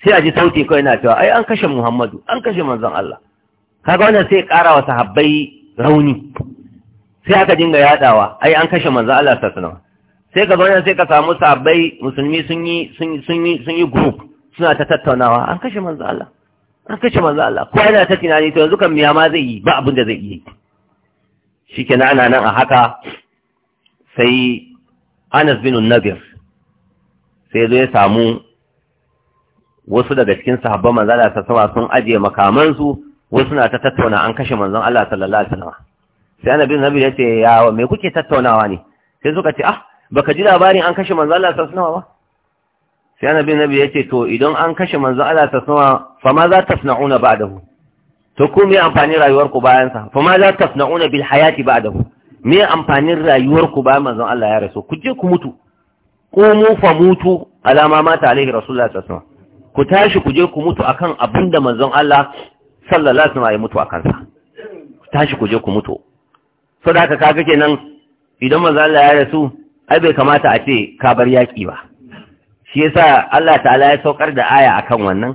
sai a ji sauti kawai na cewa ai an kashe Muhammadu an kashe manzon Allah kaga wannan sai ƙara wa sahabbai rauni sai aka dinga yadawa ai an kashe manzon Allah sallallahu sai ka zauna sai ka samu sahabbai musulmi sun yi sun yi sun yi group suna ta tattaunawa an kashe manzon Allah an kashe manzo Allah ko yana ta tunani to yanzu kan miya ma zai yi ba abin da zai yi shikenan ana nan a haka sai Anas bin Nadir sai zo ya samu wasu daga cikin sahabban manzo Allah sallallahu alaihi sun ajiye makamansu wasu na ta tattauna an kashe manzon Allah sallallahu alaihi wasallam sai Annabi Nabi ya ce ya me kuke tattaunawa ne sai suka ce ah baka ji labarin an kashe manzon Allah sallallahu alaihi wasallam ba sai annabi nabi yace to idan an kashe manzo Allah ta sama fa ma za da ba'dahu to ku me amfanin rayuwar ku bayan sa fa ma za tasna'una bil hayati ba'dahu me amfanin rayuwar ku bayan manzo Allah ya rasu ku je ku mutu qumu fa mutu alama mata alaihi rasulullah ta sama ku tashi ku je ku mutu akan abinda manzon Allah sallallahu alaihi wasallam ya mutu akan sa tashi ku je ku mutu saboda haka kaga kenan idan manzo Allah ya rasu ai bai kamata a ce ka bar yaki ba shi yasa Allah ta'ala ya saukar da aya akan wannan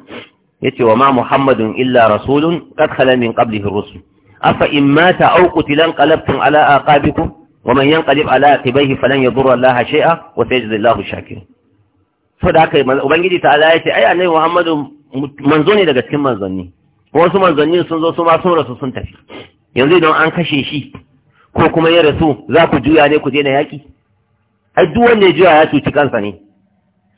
yace wa ma muhammadun illa rasulun qad khala min qablihi rusul afa in mata aw qutilan qalabtum ala aqabikum wa man yanqalib ala aqibihi falan yadurra Allah shay'a wa sayajzi Allahu shakirin so da haka ubangiji ta'ala yace ai annabi muhammadu manzo ne daga cikin manzanni wasu manzanni sun zo su ma sun rasu sun tafi yanzu idan an kashe shi ko kuma ya rasu za ku juya ne ku daina yaƙi ai duk wanda ya juya ya cuci kansa ne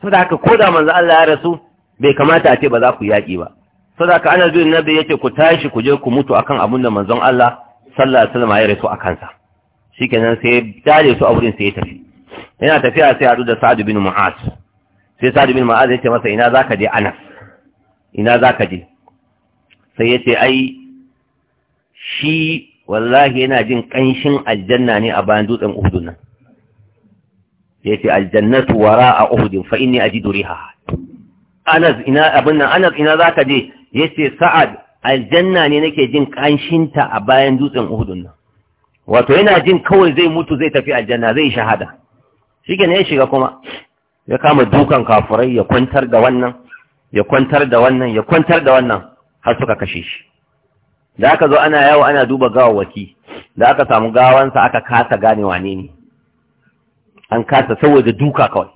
saboda haka ko da manzo Allah ya rasu bai kamata a ce ba za ku yaki ba saboda haka ana zuwa nabi yace ku tashi ku je ku mutu akan abin da manzon Allah sallallahu alaihi wasallam ya rasu a kansa shikenan sai dare su a wurin sai ya tafi yana tafiya sai haɗu da Sa'ad bin Mu'az sai Sa'ad bin Mu'az yace masa ina zaka je Anas ina zaka je sai yace ai shi wallahi yana jin kanshin aljanna ne a bayan dutsen Uhud nan yace aljannatu wara'a uhud fa inni ajidu riha anas ina abin nan anas ina zaka je yace sa'ad aljanna ne nake jin kanshinta a bayan dutsen uhudun nan wato yana jin kawai zai mutu zai tafi aljanna zai shahada shike ne ya shiga kuma ya kama dukan kafurai ya kwantar da wannan ya kwantar da wannan ya kwantar da wannan har suka kashe shi da aka zo ana yawo ana duba gawawwaki da aka samu gawansa aka kasa gane wane ne an kasa saboda duka kawai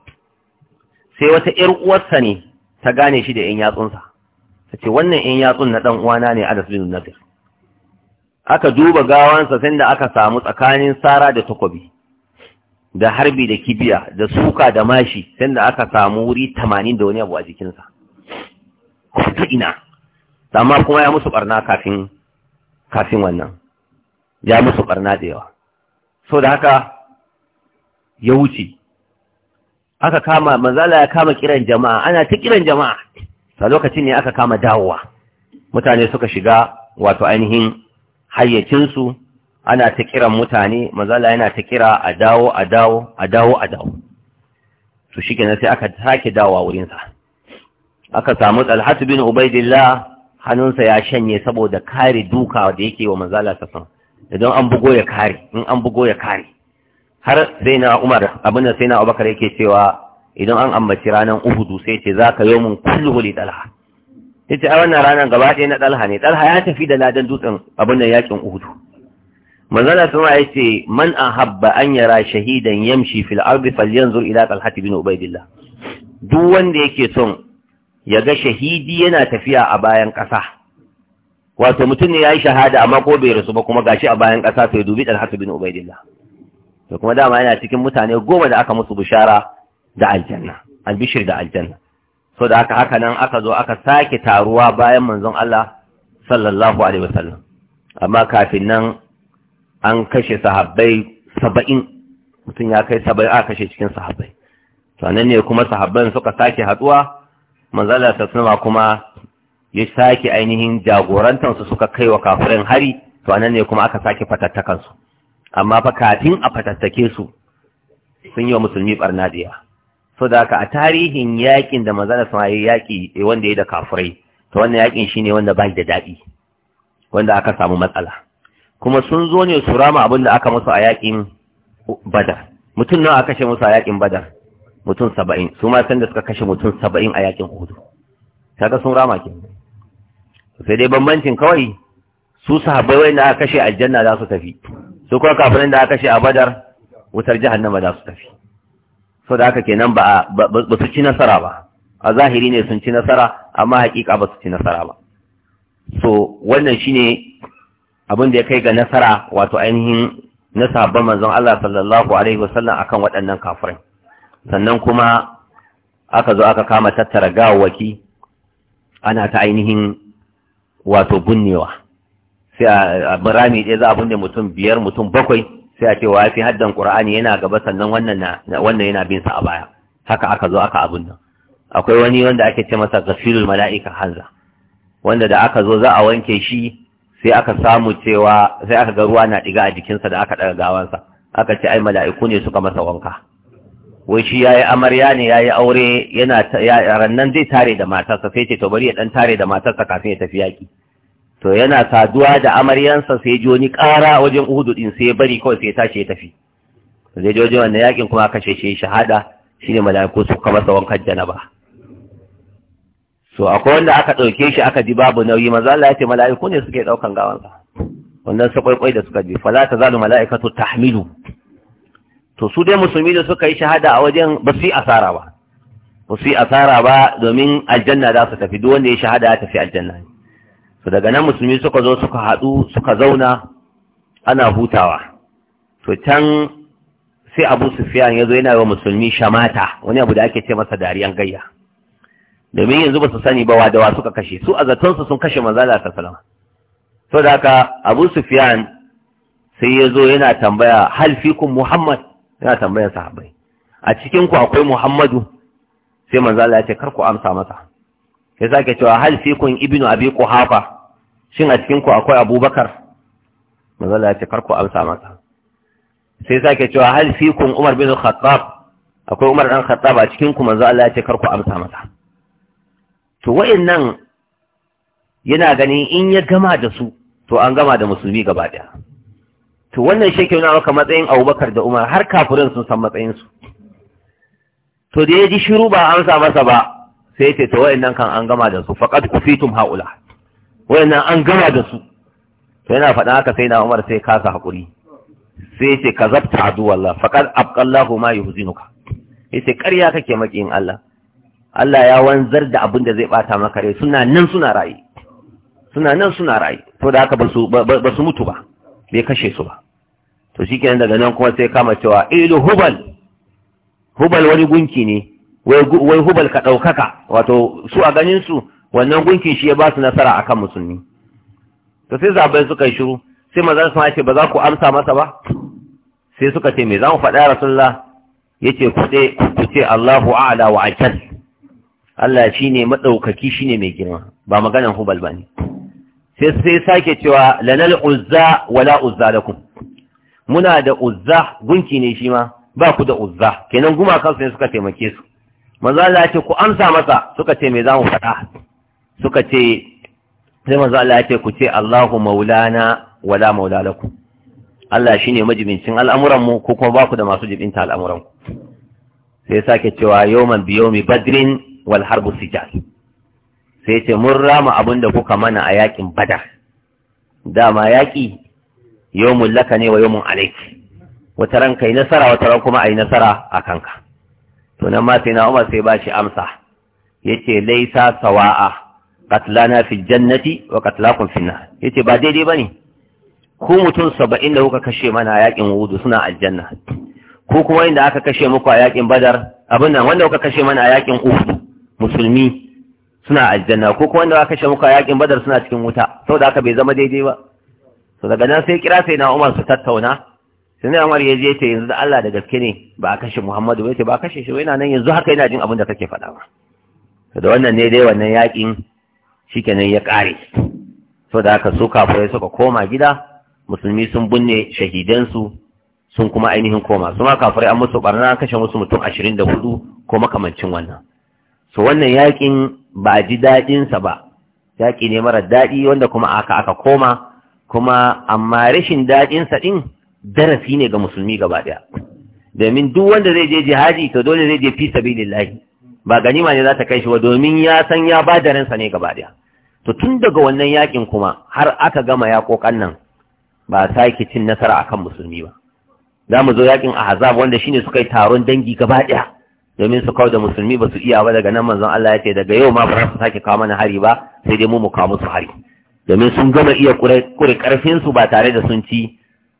sai wata ‘yar uwarsa ne ta gane shi da ‘yan yatsunsa ta ce wannan ‘yan yatsun na ɗan uwana ne anas bin nasir aka duba gawansa sai da aka samu tsakanin sara da takobi da harbi da kibiya da suka da mashi sai da aka samu wuri tamanin da wani abu a jikinsa ta ina amma kuma ya musu barna kafin kafin wannan ya musu barna da yawa so da haka ya wuce aka kama manzala ya kama kiran jama'a ana ta kiran jama'a a lokacin ne aka kama dawowa mutane suka shiga wato ainihin hayyacinsu ana ta kiran mutane manzala yana ta kira a dawo a dawo a dawo a dawo su shi sai aka sake dawowa wurinsa aka samu talhatu bin ubaidillah hannunsa ya shanye saboda kare duka da yake wa manzala sassan idan an bugo ya kare in an bugo ya kare har sai na umar abinda sai na abubakar yake cewa idan an ambaci ranar uhudu sai ce za ka yi mun kullu li dalha ya ce a wannan ranar gaba ɗaya na dalha ne dalha ya tafi da ladan dutsen abin da yakin uhudu manzala sun ya ce man a habba an yara shahidan yamshi fil ardi falyanzur ila talhati bin ubaidillah duk wanda yake son ya ga shahidi yana tafiya a bayan ƙasa wato mutum ne ya yi shahada amma ko bai rasu ba kuma gashi a bayan ƙasa sai dubi ɗalhatu bin ubaidillah to kuma dama yana cikin mutane goma da aka musu bishara da aljanna albishir da aljanna so da aka haka nan aka zo aka sake taruwa bayan manzon Allah sallallahu alaihi wasallam amma kafin nan an kashe sahabbai saba'in mutum ya kai saba'in aka kashe cikin sahabbai to nan ne kuma sahabban suka sake haduwa manzon Allah sallallahu kuma ya sake ainihin jagorantansu suka kai wa kafirin hari to nan ne kuma aka sake fatattakansu amma fa kafin a fatattake su sun yi wa musulmi barna da yawa so da haka a tarihin yakin da manzo Allah sai yaki eh, wanda ya da kafurai to wannan yakin shine wanda ba da daɗi wanda aka samu matsala kuma sun zo ne su rama abin da aka musu a yakin badar mutum nawa aka kashe musu a yakin badar mutum saba'in su ma san da suka kashe mutum saba'in a yakin hudu kaga sun rama ke sai dai bambancin kawai su sahabbai wanda aka kashe aljanna za su tafi su kuma kafirin da aka ce a badar wutar jahannama za su tafi so da haka kenan ba ba su ci nasara ba a zahiri ne sun ci nasara amma hakika ba su ci nasara ba so wannan shine abin da ya kai ga nasara wato ainihin na sabon manzon Allah sallallahu alaihi wasallam akan waɗannan kafurai. sannan kuma aka zo aka kama tattara gawawaki ana ta ainihin wato bunnewa sai a birami ɗaya za a binne mutum biyar mutum bakwai sai a ce wa fi haddan qur'ani yana gaba sannan wannan yana bin sa a baya haka aka zo aka abun nan akwai wani wanda ake ce masa ghafilul mala'ika hanza wanda da aka zo za a wanke shi sai aka samu cewa sai aka ga ruwa na diga a jikinsa da aka ɗaga gawansa aka ce ai mala'iku ne suka masa wanka wai shi yayi amarya ne yayi aure yana rannan zai tare da matarsa sai ce to bari ya dan tare da matarsa kafin ya tafi yaki to yana saduwa da amaryansa sai ji wani ƙara wajen uhudu din sai bari kawai sai tashi ya tafi zai ji wajen wannan yakin kuma kashe shi shahada shine mala'iku suka masa wankan janaba so akwai wanda aka ɗauke shi aka ji babu nauyi maza Allah ya ce mala'iku ne suke ɗaukan gawansa wannan su kwaikwai da suka ji fala ta zalu mala'ikatu tahmilu to su dai musulmi da suka yi shahada a wajen ba su yi asara ba ba su yi asara ba domin aljanna za su tafi duk wanda ya shahada ya tafi aljanna ne to daga nan musulmi suka zo suka haɗu suka zauna ana hutawa to can sai abu sufiyan ya zo yana wa musulmi shamata wani abu da ake ce masa dariyan gayya domin yanzu ba su sani ba wa dawa suka kashe su a sun kashe manzala ta salama to da haka abu sufiyan sai ya zo yana tambaya hal muhammad yana tambayan sahabbai a cikin ku akwai muhammadu sai manzala ya ce kar ku amsa masa ya ke cewa hal fikum ibnu abi quhafa shin a cikin ku akwai abubakar mazala Allah ya ce karku amsa masa sai sake cewa hal fikun Umar bin Khattab akwai Umar dan Khattab a cikin ku manzo ya ce kar ku amsa masa to wayannan yana ganin in ya gama da su to an gama da musulmi gaba daya to wannan shi ke nuna maka matsayin Abubakar da Umar har kafirin sun san matsayin su to da ya ji shiru ba amsa masa ba sai ce to wayannan kan an gama da su faqad kufitum haula wayannan an gama da su to yana faɗa haka sai na Umar sai kasa hakuri sai yace zabta adu wallah faqad abqallahu ma yuhzinuka yace ƙarya kake makiyin Allah Allah ya wanzar da abin zai bata maka rai suna nan suna rai suna nan suna rai to da haka basu basu mutu ba bai kashe su ba to shikenan daga nan kuma sai kama cewa ilu hubal hubal wani gunki ne wai hubal ka ɗaukaka wato su a ganin su wannan gunki shi ya ba su nasara kan musulmi to sai zabai suka yi shiru sai maza su ce ba za ku amsa masa ba sai suka ce me za mu faɗa rasulullah ya ce ku ce Allahu a'ala wa ajal Allah maɗaukaki madaukaki ne mai girma ba maganan hubal ne. sai sai sake cewa lanal uzza wala uzza da muna da uzza gunki ne shi ma ba ku da uzza kenan gumakansu ne suka taimake su manzo Allah ya ce ku amsa masa suka ce me za mu faɗa suka ce sai manzo Allah ya ce ku ce Allahu maulana wala maula Allah shine majibincin al'amuran mu ko kuma baku da masu jibinta al'amuran ku sai sake cewa yawman bi yawmi badrin wal harbu sijal sai ce mun rama abinda kuka mana a yakin badar dama yaki yawmun laka ne wa yawmun alayk wata ran kai nasara wata ran kuma ai nasara a kanka to nan ma sai na Umar sai ba shi amsa yace laisa sawa'a qatlana fi jannati wa qatlakum fi nar yace ba daidai ne. ku mutum saba'in da kuka kashe mana yakin wudu suna aljanna ko kuma inda aka kashe muku a yakin badar abin nan wanda kuka kashe mana a yakin uhud musulmi suna aljanna ko kuma wanda aka kashe muku a yakin badar suna cikin wuta saboda haka bai zama daidai ba to daga nan sai kira sai na umar su tattauna sai na umar ya je ta yanzu da Allah da gaske ne ba a kashe Muhammadu ba yace ba a kashe shi ba yana nan yanzu haka yana jin abin da kake faɗa ba da wannan ne dai wannan yakin shi kenan ya ƙare. so da haka su kafirai suka koma gida musulmi sun binne shahidansu sun kuma ainihin koma su ma kafirai an musu barna kashe musu mutum ashirin da hudu ko makamancin wannan so wannan yakin ba a ji daɗinsa ba yaƙi ne mara daɗi wanda kuma aka aka koma kuma amma rashin daɗinsa ɗin darasi ne ga musulmi gaba ɗaya domin duk wanda zai je jihadi to dole zai je fi sabilillahi ba ganima ne za ta kai shi ba domin ya san ya ba da ransa ne gaba daya to tun daga wannan yakin kuma har aka gama yakokan nan ba sake cin nasara akan musulmi ba za mu zo yakin ahzab wanda shine suka yi taron dangi gaba daya domin su kawo da musulmi ba su iya ba daga nan manzon Allah ya ce daga yau ma ba za su sake kawo mana hari ba sai dai mu mu kawo musu hari domin sun gama iya kure karfin su ba tare da sun ci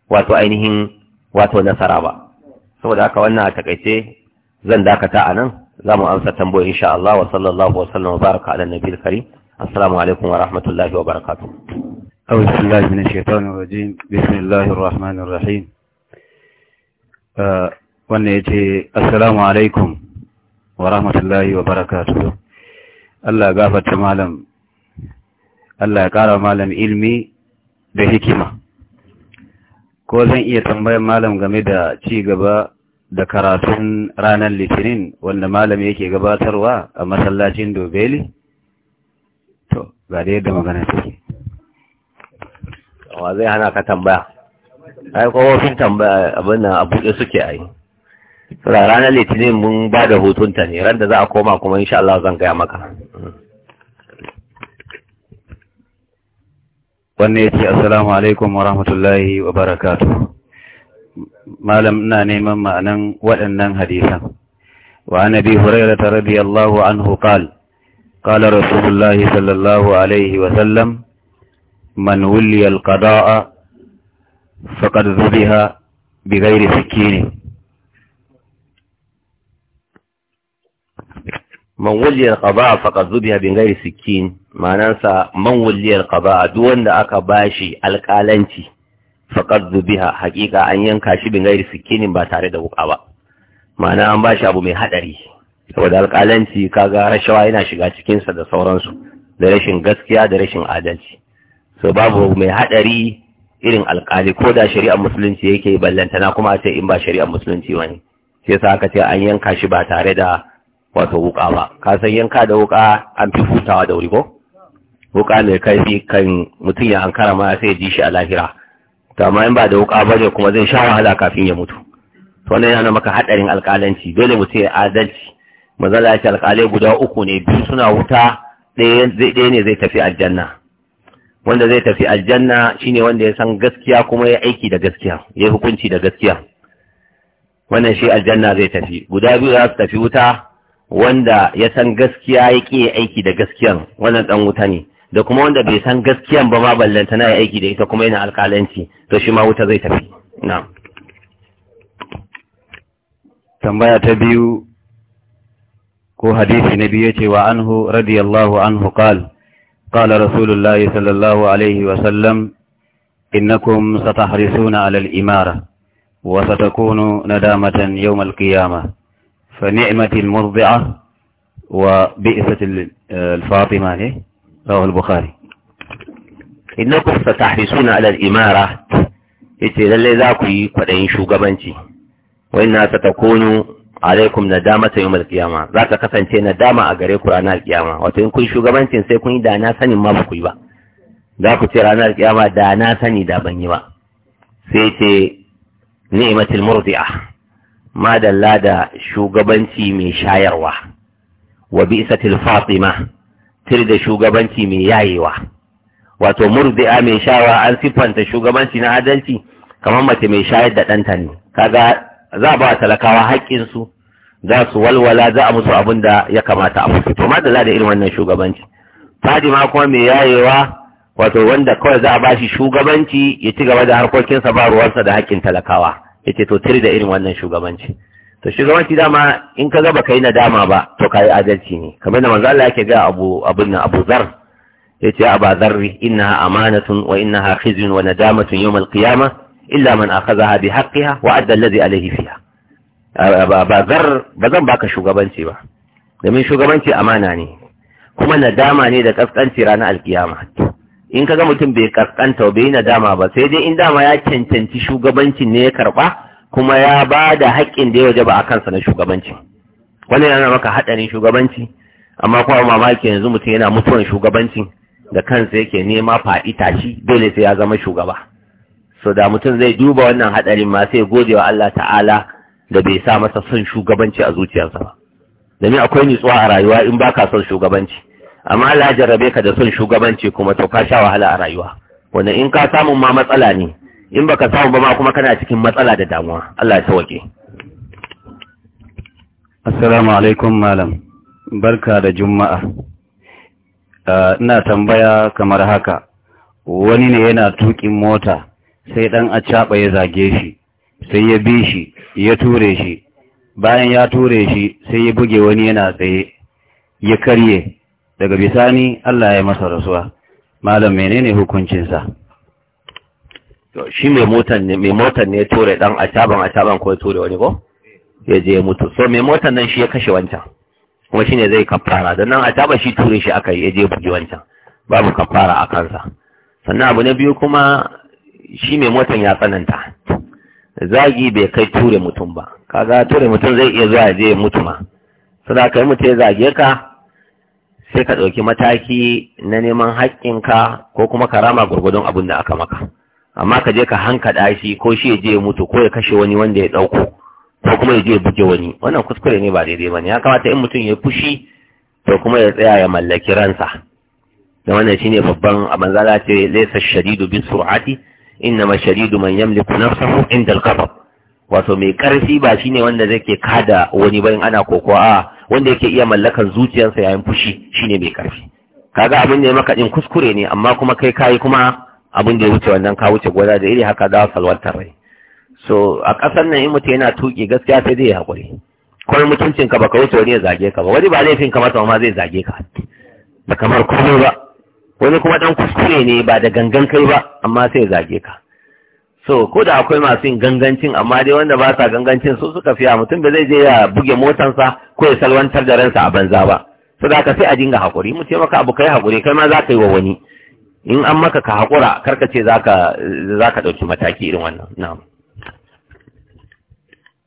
wato ainihin wato nasara ba saboda haka wannan a takaice zan dakata a nan za mu amsa tambayoyi insha Allah wa sallallahu wa sallam wa baraka ala al karim assalamu alaikum wa rahmatullahi wa barakatuh أعوذ sallallahu min shaitani rajim bismillahi الله الرحمن الرحيم wannan ya assalamu alaikum wa rahmatullahi wa barakatuh Allah gafarta malam Allah ya kara malam ilmi da hikima ko zan iya tambayar malam game da ci gaba da karatun ranar litinin wanda malam yake gabatarwa a masallacin dobeli to ga da yadda magana take wa zai hana ka tambaya ai kowa sun tambaya abin nan a buɗe suke ai sura ranar litinin mun ba da hutunta ne ran da za a koma kuma insha Allah zan gaya maka wannan ya ce assalamu alaikum wa rahmatullahi wa barakatuh malam ina neman ma'anan waɗannan hadisan wa annabi hurairah radiyallahu anhu qala qala rasulullah sallallahu alaihi wa sallam man wuliya alqada'a faqad dhubiha bighairi sikini man wuliyar qaba'a faqad zubiha bin ghairi sikkin ma'anansa man wuliyar qaba'a duk wanda aka bashi alƙalanci faqad zubiha haqiqa an yanka shi bin gairi sikinin ba tare da wuka ba ma'ana an ba shi abu mai haɗari. saboda alƙalanci kaga rashawa yana shiga cikinsa da sauransu da rashin gaskiya da rashin adalci so babu mai haɗari irin alƙali ko da shari'ar musulunci yake na kuma ce in ba shari'ar musulunci wani sai sa aka ce an yanka shi ba tare da wato wuƙa ba ka san yanka da wuka an fi hutawa da wuri ko Wuƙa mai kaifi kan mutum ya an karama sai ji shi a lahira to ba da wuka bane kuma zai sha wahala kafin ya mutu to wannan yana maka hadarin alƙalanci dole mutum ya adalci mazala ya ce alƙalai guda uku ne biyu suna wuta ɗaya ne zai tafi aljanna wanda zai tafi aljanna shine wanda ya san gaskiya kuma ya aiki da gaskiya ya hukunci da gaskiya wannan shi aljanna zai tafi guda biyu za su tafi wuta wanda ya san gaskiya ya ƙi aiki da gaskiya. wannan ɗan wuta ne da kuma wanda bai san gaskiyan ba ma ballanta na aiki da ita kuma yana alƙalanci to shi ma wuta zai tafi na tambaya ta biyu ko hadisi na biyu yace wa anhu radiyallahu anhu qal qala rasulullah sallallahu alaihi wa sallam innakum satahrisuna ala al-imara wa satakunu nadamatan yawm al-qiyamah fa ni'matil murdi'ah rawar Idan innakum satahrisuna suna al-imara yace lallai za ku yi kwaɗayin shugabanci wa inna satakunu alaikum nadamata yawm al-qiyama za ta kasance nadama a gare ku ranar kiyama wato in kun shugabancin sai kun yi da na sanin ma ba yi ba za ku ce ranar kiyama da na sani da ban yi ba sai ce ni'matul murdi'a madalla da shugabanci mai shayarwa wa bi'satil fatima tir da shugabanci mai yayewa wato murdi'a mai shawa an siffanta shugabanci na adalci kamar mace mai shayar da ɗanta ne kaga za a ba talakawa haƙƙinsu za su walwala za a musu abin da ya kamata a musu to madalla da irin wannan shugabanci fadima kuma mai yayewa wato wanda kawai za a ba shi shugabanci ya ci gaba da harkokinsa ba ruwansa da haƙƙin talakawa yace to tiri da irin wannan shugabanci to shugabanci dama in ka gaba kai nadama ba to kai adalci ne kamar da manzo Allah yake ga Abu abun na Abu Zar yace Aba Zarri innaha amanatun wa innaha khizyun wa nadamatun yawm al-qiyamah illa man akhadhaha bi haqqiha wa adda alladhi alayhi fiha Aba Zar bazan baka shugabanci ba domin shugabanci amana ne kuma nadama ne da kaskanci ranar alkiyama in ka ga mutum bai kaskanta bai nadama ba sai dai in dama ya cancanci shugabancin ne ya karba kuma ya ba da haƙƙin da ya waje ba a kansa na shugabanci wani yana maka haɗarin shugabanci amma kuma mamaki yanzu mutum yana mutuwan shugabanci da kansa yake nema faɗi tashi dole sai ya zama shugaba so da mutum zai duba wannan haɗarin ma sai gode wa Allah ta'ala da bai sa masa son shugabanci a zuciyarsa ba domin akwai nutsuwa a rayuwa in baka son shugabanci amma Allah ya jarrabe ka da son shugabanci kuma to ka sha wahala a rayuwa wanda in ka samu ma matsala ne in baka samu ba ma kuma kana cikin matsala da damuwa Allah ya sauke Assalamu alaikum malam barka da juma'a ah, ina tambaya kamar haka wani ne yana tukin mota sai dan a ya zage shi sai ya bi shi ya ture shi bayan ya ture shi sai ya buge wani yana tsaye ya karye daga bisani Allah ya masa rasuwa malam menene hukuncinsa shi mai motan ne mai motan ne ya tore dan a taban a taban ko ya tore wani ko ya je ya mutu so mai motan nan shi ya kashe wancan kuma shi ne zai kafara don nan a taban shi ture shi aka yi ya je ya bugi wancan babu kafara a kansa sannan abu na biyu kuma shi mai motan ya tsananta zagi bai kai ture mutum ba kaga ture mutum zai iya zuwa ya je ya mutu ma sai ka yi mutum ya zage ka sai ka ɗauki mataki na neman haƙƙinka ko kuma karama gwargwadon abin da aka maka amma ka je ka hankada shi ko shi ya je ya mutu ko ya kashe wani wanda ya dauko ko kuma ya je ya buge wani wannan kuskure ne ba daidai bane ya kamata in mutum ya fushi to kuma ya tsaya ya mallaki ransa da wannan shine babban abin za ce laysa shadidu bi sur'ati innama shadidu man yamliku nafsahu inda al-ghadab wato mai karfi ba shine wanda zai ke kada wani bayan ana kokowa a wanda yake iya mallakan zuciyarsa yayin fushi shine mai karfi kaga abin da ya maka din kuskure ne amma kuma kai kai kuma abin da ya wuce wannan ka wuce gwada da iri haka za salwantar rai so a ƙasar nan in mutum yana tuki gaskiya sai zai haƙuri kuma mutuncin ka baka wuce wani ya zage ka ba wani ba laifin ka masa ma zai zage ka ba kamar komai ba wani kuma dan kuskure ne ba da gangan kai ba amma sai ya zage ka so ko da akwai masu yin gangancin amma dai wanda ba sa gangancin su suka fiya mutum ba zai je ya buge motansa ko ya salwantar da ransa a banza ba so da ka sai a dinga haƙuri mu ce maka abu kai haƙuri kai ma za ka yi wa wani in an maka ka haƙura karka ce za ka ɗauki mataki irin wannan na'am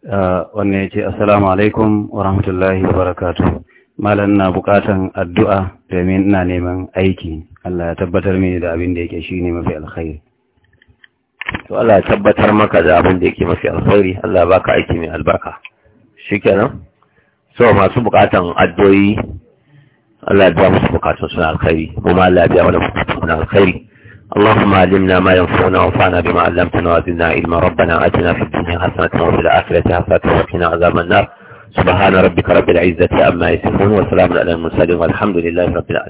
uh, wannan ya ce assalamu alaikum wa rahmatullahi wa barakatu malam na buƙatan addu'a domin ina neman aiki Allah ya tabbatar mini da abin da yake shi ne mafi alkhairi to Allah ya tabbatar maka da abin da yake mafi alkhairi Allah ya baka aiki mai albarka shikenan so masu buƙatan addu'o'i Allah biya musu bukatun suna alkhairi kuma Allah biya mana bukatun suna alkhairi اللهم علمنا ما ينفعنا وانفعنا بما علمتنا وزدنا علما ربنا اتنا في الدنيا حسنة وفي الآخرة حسنة وقنا عذاب النار سبحان ربك رب العزة عما يصفون وسلام على المرسلين والحمد لله رب العالمين